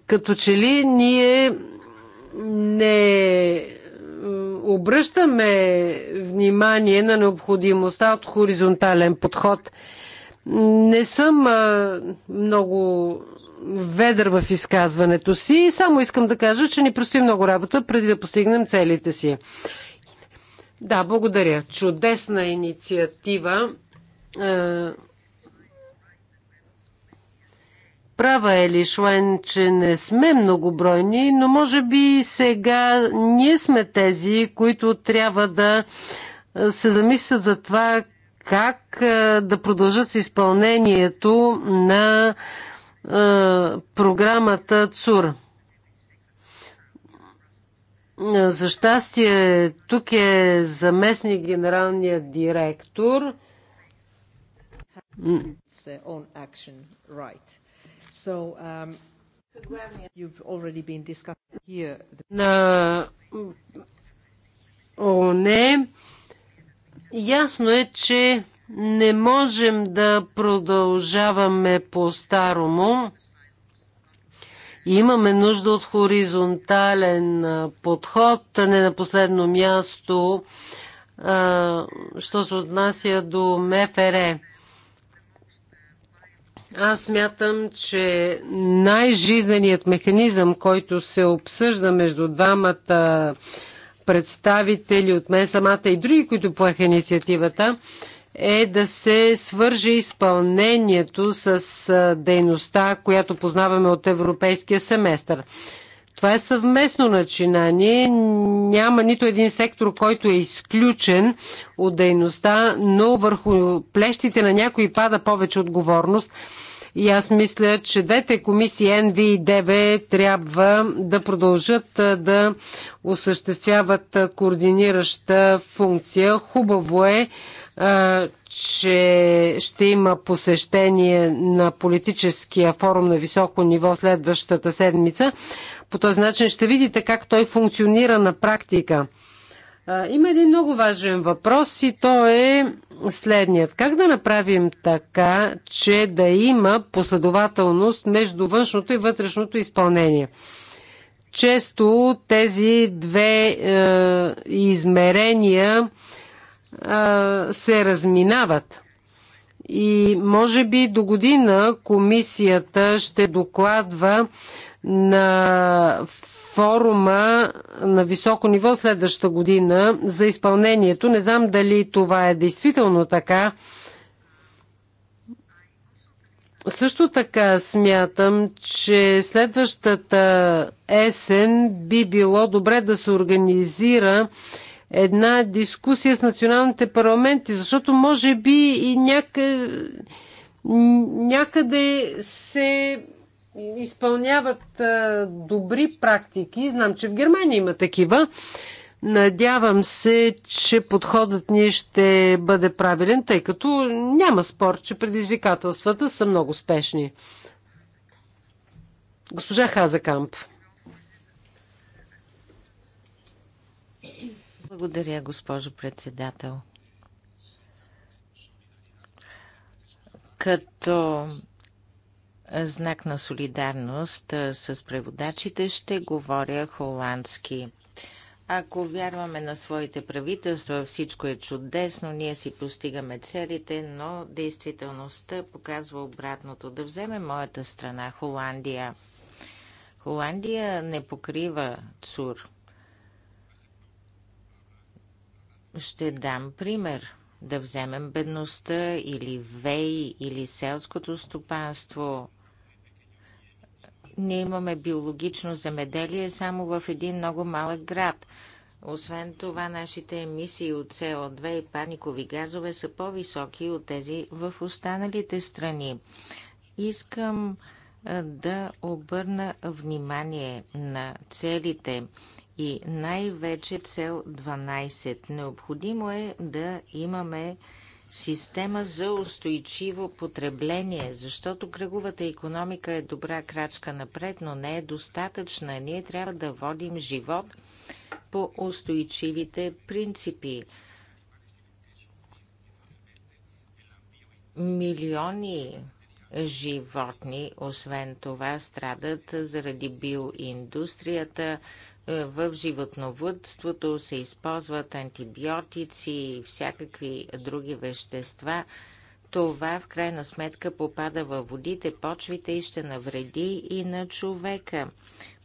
Като че ли ние не обръщаме внимание на необходимостта от хоризонтален подход. Не съм много ведър в изказването си, само искам да кажа, че ни предстои много работа преди да постигнем целите си. Да, благодаря. Чудесна инициатива Права е ли Шлайн, че не сме многобройни, но може би сега ние сме тези, които трябва да се замислят за това как да продължат с изпълнението на програмата ЦУР. За щастие, тук е заместник генералния директор. So, um, you've already been here. На ОНЕ ясно е, че не можем да продължаваме по-старому. Имаме нужда от хоризонтален подход, не на последно място, а, що се отнася до МФР. Аз смятам, че най-жизненият механизъм, който се обсъжда между двамата представители от мен самата и други, които поеха инициативата, е да се свърже изпълнението с дейността, която познаваме от европейския семестър. Това е съвместно начинание. Няма нито един сектор, който е изключен от дейността, но върху плещите на някои пада повече отговорност. И аз мисля, че двете комисии НВ и ДВ трябва да продължат да осъществяват координираща функция. Хубаво е, че ще има посещение на политическия форум на високо ниво следващата седмица. По този начин ще видите как той функционира на практика. Има един много важен въпрос и то е следният. Как да направим така, че да има последователност между външното и вътрешното изпълнение? Често тези две е, измерения е, се разминават. И може би до година комисията ще докладва на форума на високо ниво следващата година за изпълнението. Не знам дали това е действително така. Също така смятам, че следващата есен би било добре да се организира една дискусия с националните парламенти, защото може би и някъде, някъде се изпълняват добри практики. Знам, че в Германия има такива. Надявам се, че подходът ни ще бъде правилен, тъй като няма спор, че предизвикателствата са много спешни. Госпожа Хазакамп. Благодаря, госпожо председател. Като знак на солидарност с преводачите ще говоря холандски. Ако вярваме на своите правителства, всичко е чудесно, ние си постигаме целите, но действителността показва обратното. Да вземе моята страна, Холандия. Холандия не покрива ЦУР. Ще дам пример. Да вземем бедността или ВЕЙ или селското стопанство. Ние имаме биологично земеделие само в един много малък град. Освен това, нашите емисии от СО2 и парникови газове са по-високи от тези в останалите страни. Искам да обърна внимание на целите и най-вече цел 12. Необходимо е да имаме система за устойчиво потребление, защото кръговата економика е добра крачка напред, но не е достатъчна. Ние трябва да водим живот по устойчивите принципи. Милиони животни, освен това, страдат заради биоиндустрията, е, в животновътството се използват антибиотици и всякакви други вещества. Това в крайна сметка попада във водите, почвите и ще навреди и на човека.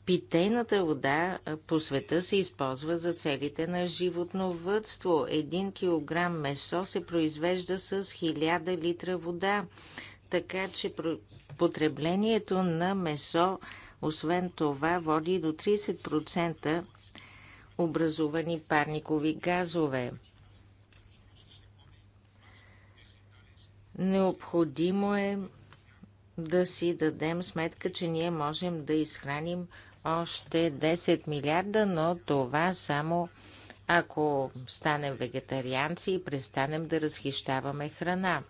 Питейната вода е, по света се използва за целите на животновътство. Един килограм месо се произвежда с хиляда литра вода. Така че потреблението на месо освен това, води до 30% образувани парникови газове. Необходимо е да си дадем сметка, че ние можем да изхраним още 10 милиарда, но това само ако станем вегетарианци и престанем да разхищаваме храна.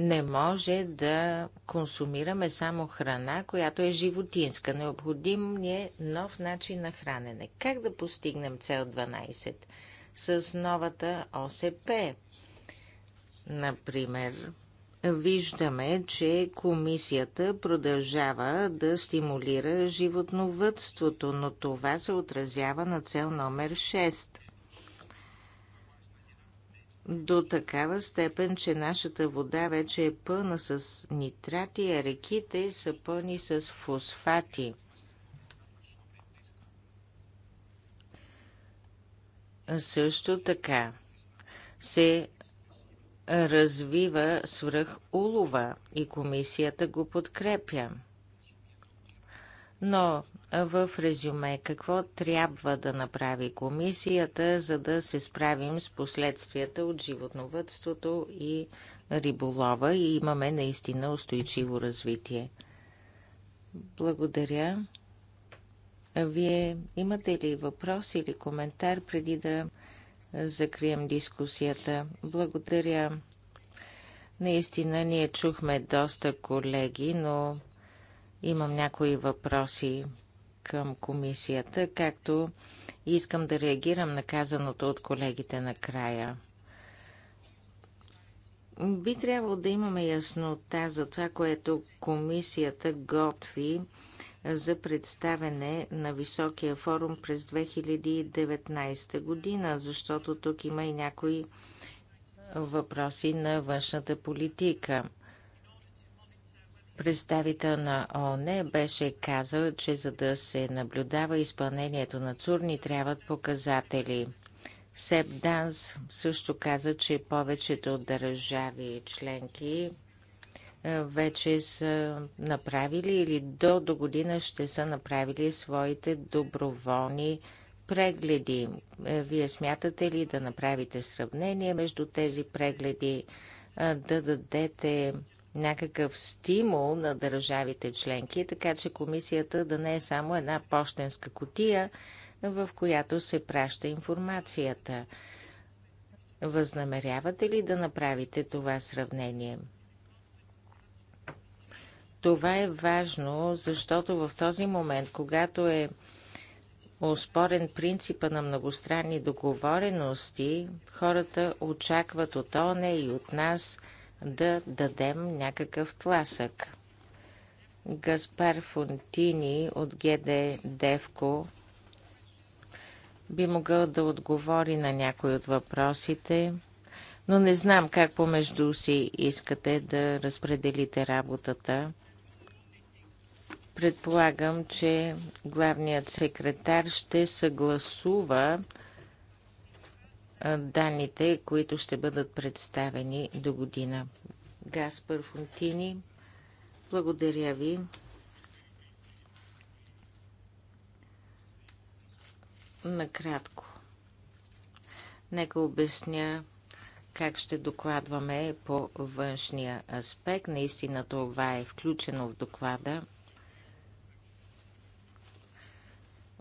Не може да консумираме само храна, която е животинска. Необходим ни е нов начин на хранене. Как да постигнем цел 12? С новата ОСП. Например, виждаме, че комисията продължава да стимулира животновътството, но това се отразява на цел номер 6 до такава степен, че нашата вода вече е пълна с нитрати, а реките са пълни с фосфати. Също така се развива свръх улова и комисията го подкрепя. Но в резюме какво трябва да направи комисията, за да се справим с последствията от животновътството и риболова и имаме наистина устойчиво развитие. Благодаря. Вие имате ли въпрос или коментар преди да закрием дискусията? Благодаря. Наистина ние чухме доста колеги, но имам някои въпроси към комисията, както искам да реагирам на казаното от колегите накрая. Би трябвало да имаме яснота за това, което комисията готви за представене на Високия форум през 2019 година, защото тук има и някои въпроси на външната политика. Представител на ООН беше казал, че за да се наблюдава изпълнението на ЦУР ни трябват показатели. Сеп Данс също каза, че повечето държави членки вече са направили или до до година ще са направили своите доброволни прегледи. Вие смятате ли да направите сравнение между тези прегледи, да дадете някакъв стимул на държавите членки, така че комисията да не е само една почтенска котия, в която се праща информацията. Възнамерявате ли да направите това сравнение? Това е важно, защото в този момент, когато е Оспорен принципа на многостранни договорености, хората очакват от ОНЕ и от нас – да дадем някакъв тласък. Гаспар Фонтини от ГД Девко би могъл да отговори на някои от въпросите, но не знам как помежду си искате да разпределите работата. Предполагам, че главният секретар ще съгласува данните, които ще бъдат представени до година. Гаспар Фунтини, благодаря ви. Накратко. Нека обясня как ще докладваме по външния аспект. Наистина това е включено в доклада.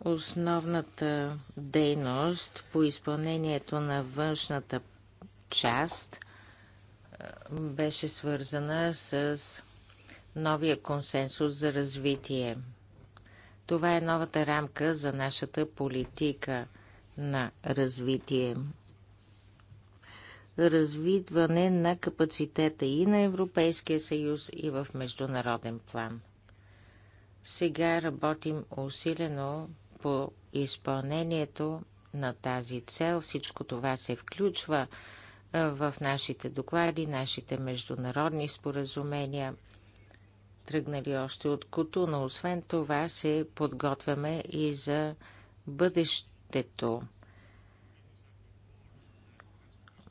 Основната дейност по изпълнението на външната част беше свързана с новия консенсус за развитие. Това е новата рамка за нашата политика на развитие. Развитване на капацитета и на Европейския съюз и в международен план. Сега работим усилено по изпълнението на тази цел. Всичко това се включва в нашите доклади, нашите международни споразумения, тръгнали още от Кото, но освен това се подготвяме и за бъдещето.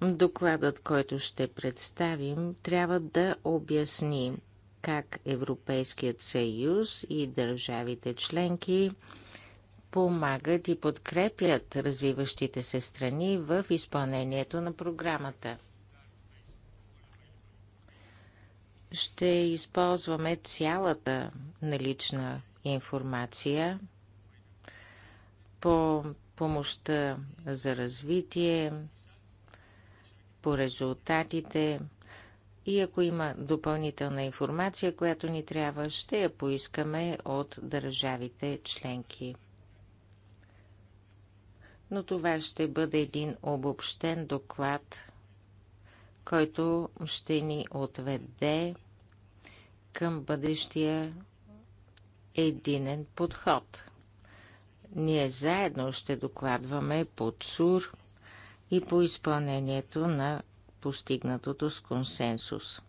Докладът, който ще представим, трябва да обясним как Европейският съюз и държавите членки – помагат и подкрепят развиващите се страни в изпълнението на програмата. Ще използваме цялата налична информация по помощта за развитие, по резултатите и ако има допълнителна информация, която ни трябва, ще я поискаме от държавите членки но това ще бъде един обобщен доклад, който ще ни отведе към бъдещия единен подход. Ние заедно ще докладваме по ЦУР и по изпълнението на постигнатото с консенсус.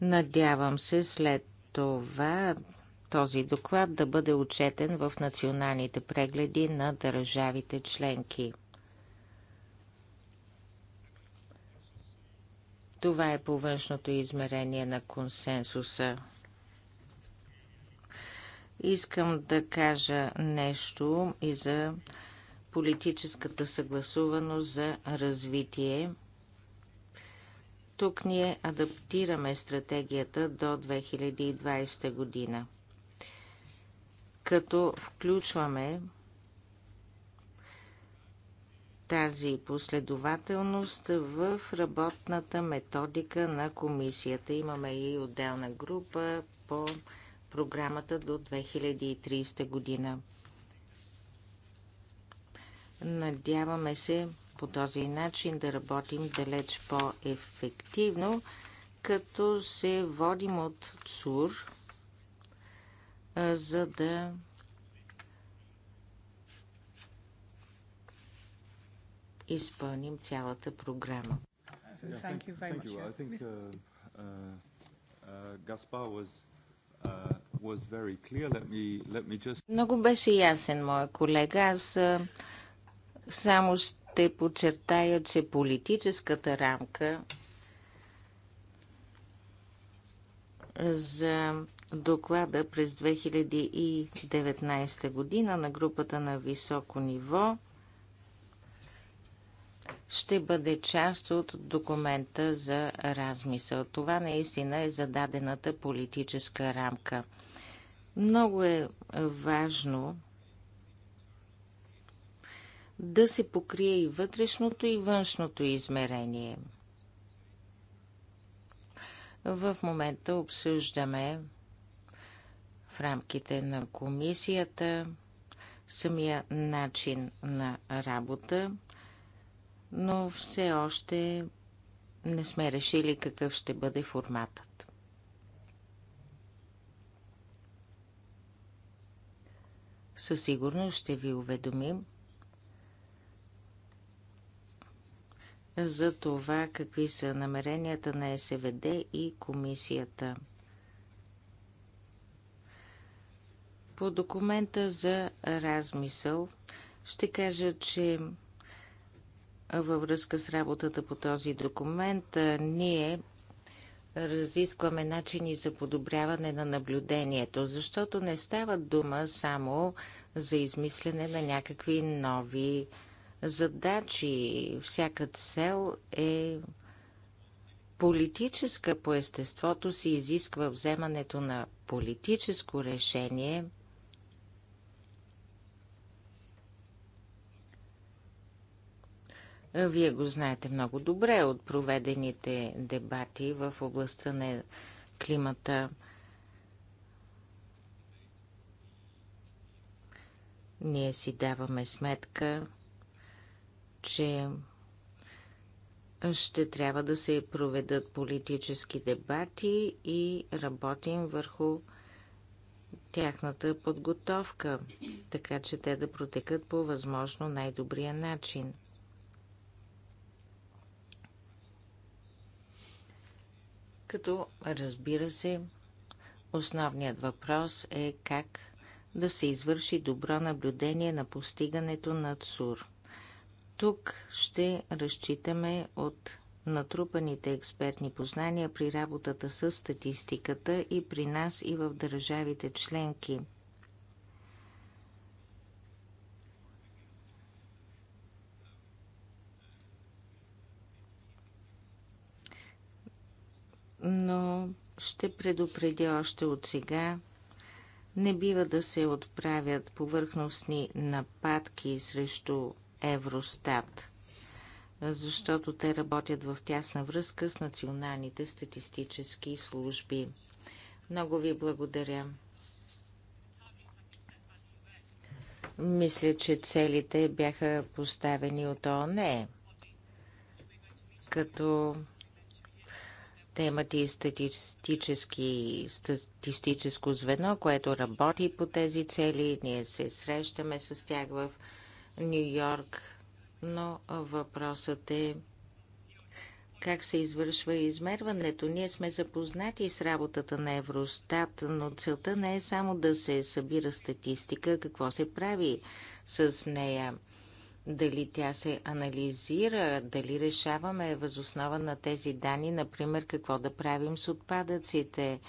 Надявам се след това този доклад да бъде отчетен в националните прегледи на държавите членки. Това е по външното измерение на консенсуса. Искам да кажа нещо и за политическата съгласуваност за развитие. Тук ние адаптираме стратегията до 2020 година като включваме тази последователност в работната методика на комисията. Имаме и отделна група по програмата до 2030 година. Надяваме се по този начин да работим далеч по-ефективно, като се водим от ЦУР, за да изпълним цялата програма. Много беше ясен моя колега. Аз само ще подчертая, че политическата рамка за доклада през 2019 година на групата на високо ниво ще бъде част от документа за размисъл. Това наистина е зададената политическа рамка. Много е важно да се покрие и вътрешното и външното измерение. В момента обсъждаме в рамките на комисията, самия начин на работа, но все още не сме решили какъв ще бъде форматът. Със сигурност ще ви уведомим за това какви са намеренията на СВД и комисията – По документа за размисъл ще кажа, че във връзка с работата по този документ ние разискваме начини за подобряване на наблюдението, защото не става дума само за измислене на някакви нови задачи. Всяка цел е политическа по естеството си, изисква вземането на политическо решение – Вие го знаете много добре от проведените дебати в областта на климата. Ние си даваме сметка, че ще трябва да се проведат политически дебати и работим върху тяхната подготовка, така че те да протекат по възможно най-добрия начин – Като разбира се, основният въпрос е как да се извърши добро наблюдение на постигането на ЦУР. Тук ще разчитаме от натрупаните експертни познания при работата с статистиката и при нас и в държавите членки – но ще предупредя още от сега. Не бива да се отправят повърхностни нападки срещу Евростат, защото те работят в тясна връзка с националните статистически служби. Много ви благодаря. Мисля, че целите бяха поставени от ОНЕ. като те имат и статистически, статистическо звено, което работи по тези цели. Ние се срещаме с тях в Нью Йорк, но въпросът е как се извършва измерването. Ние сме запознати с работата на Евростат, но целта не е само да се събира статистика, какво се прави с нея дали тя се анализира, дали решаваме възоснова на тези данни, например, какво да правим с отпадъците.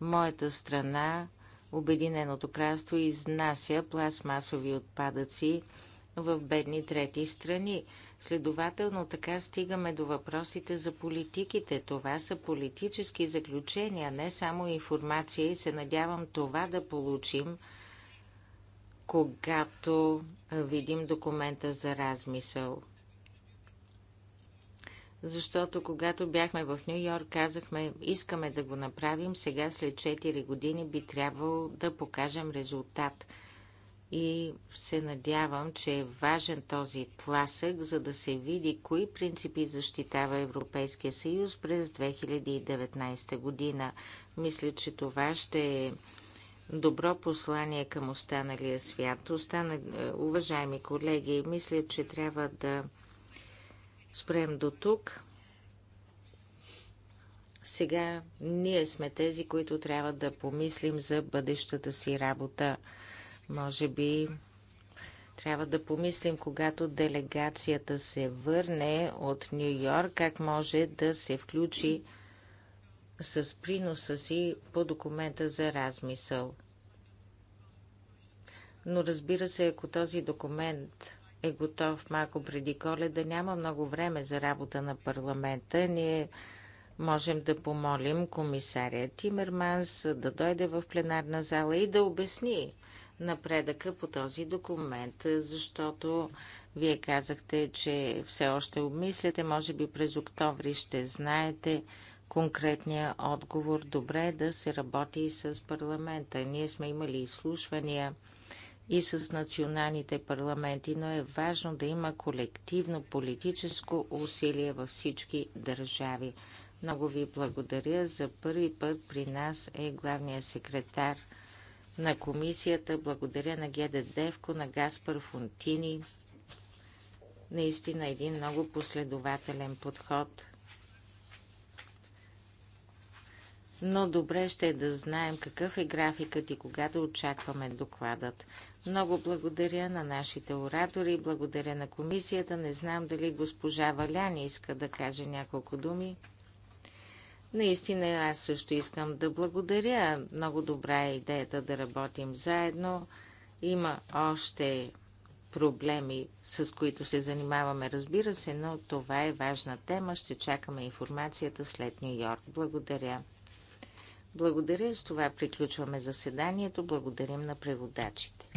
Моята страна, Обединеното кралство, изнася пластмасови отпадъци в бедни трети страни. Следователно така стигаме до въпросите за политиките. Това са политически заключения, не само информация и се надявам това да получим – когато видим документа за размисъл. Защото когато бяхме в Нью Йорк, казахме, искаме да го направим, сега след 4 години би трябвало да покажем резултат. И се надявам, че е важен този тласък, за да се види кои принципи защитава Европейския съюз през 2019 година. Мисля, че това ще е добро послание към останалия свят. Остана... Е, уважаеми колеги, мисля, че трябва да спрем до тук. Сега ние сме тези, които трябва да помислим за бъдещата си работа. Може би трябва да помислим, когато делегацията се върне от Нью Йорк, как може да се включи с приноса си по документа за размисъл. Но разбира се, ако този документ е готов малко преди коледа, няма много време за работа на парламента. Ние можем да помолим комисаря Тимерманс да дойде в пленарна зала и да обясни напредъка по този документ, защото вие казахте, че все още обмисляте, може би през октомври ще знаете конкретния отговор. Добре е да се работи и с парламента. Ние сме имали изслушвания и с националните парламенти, но е важно да има колективно политическо усилие във всички държави. Много ви благодаря. За първи път при нас е главния секретар на комисията. Благодаря на Геде Девко, на Гаспар Фунтини. Наистина един много последователен подход – но добре ще е да знаем какъв е графикът и кога да очакваме докладът. Много благодаря на нашите оратори, благодаря на комисията. Не знам дали госпожа Валяни иска да каже няколко думи. Наистина аз също искам да благодаря. Много добра е идеята да работим заедно. Има още проблеми, с които се занимаваме, разбира се, но това е важна тема. Ще чакаме информацията след Нью Йорк. Благодаря. Благодаря. С това приключваме заседанието. Благодарим на преводачите.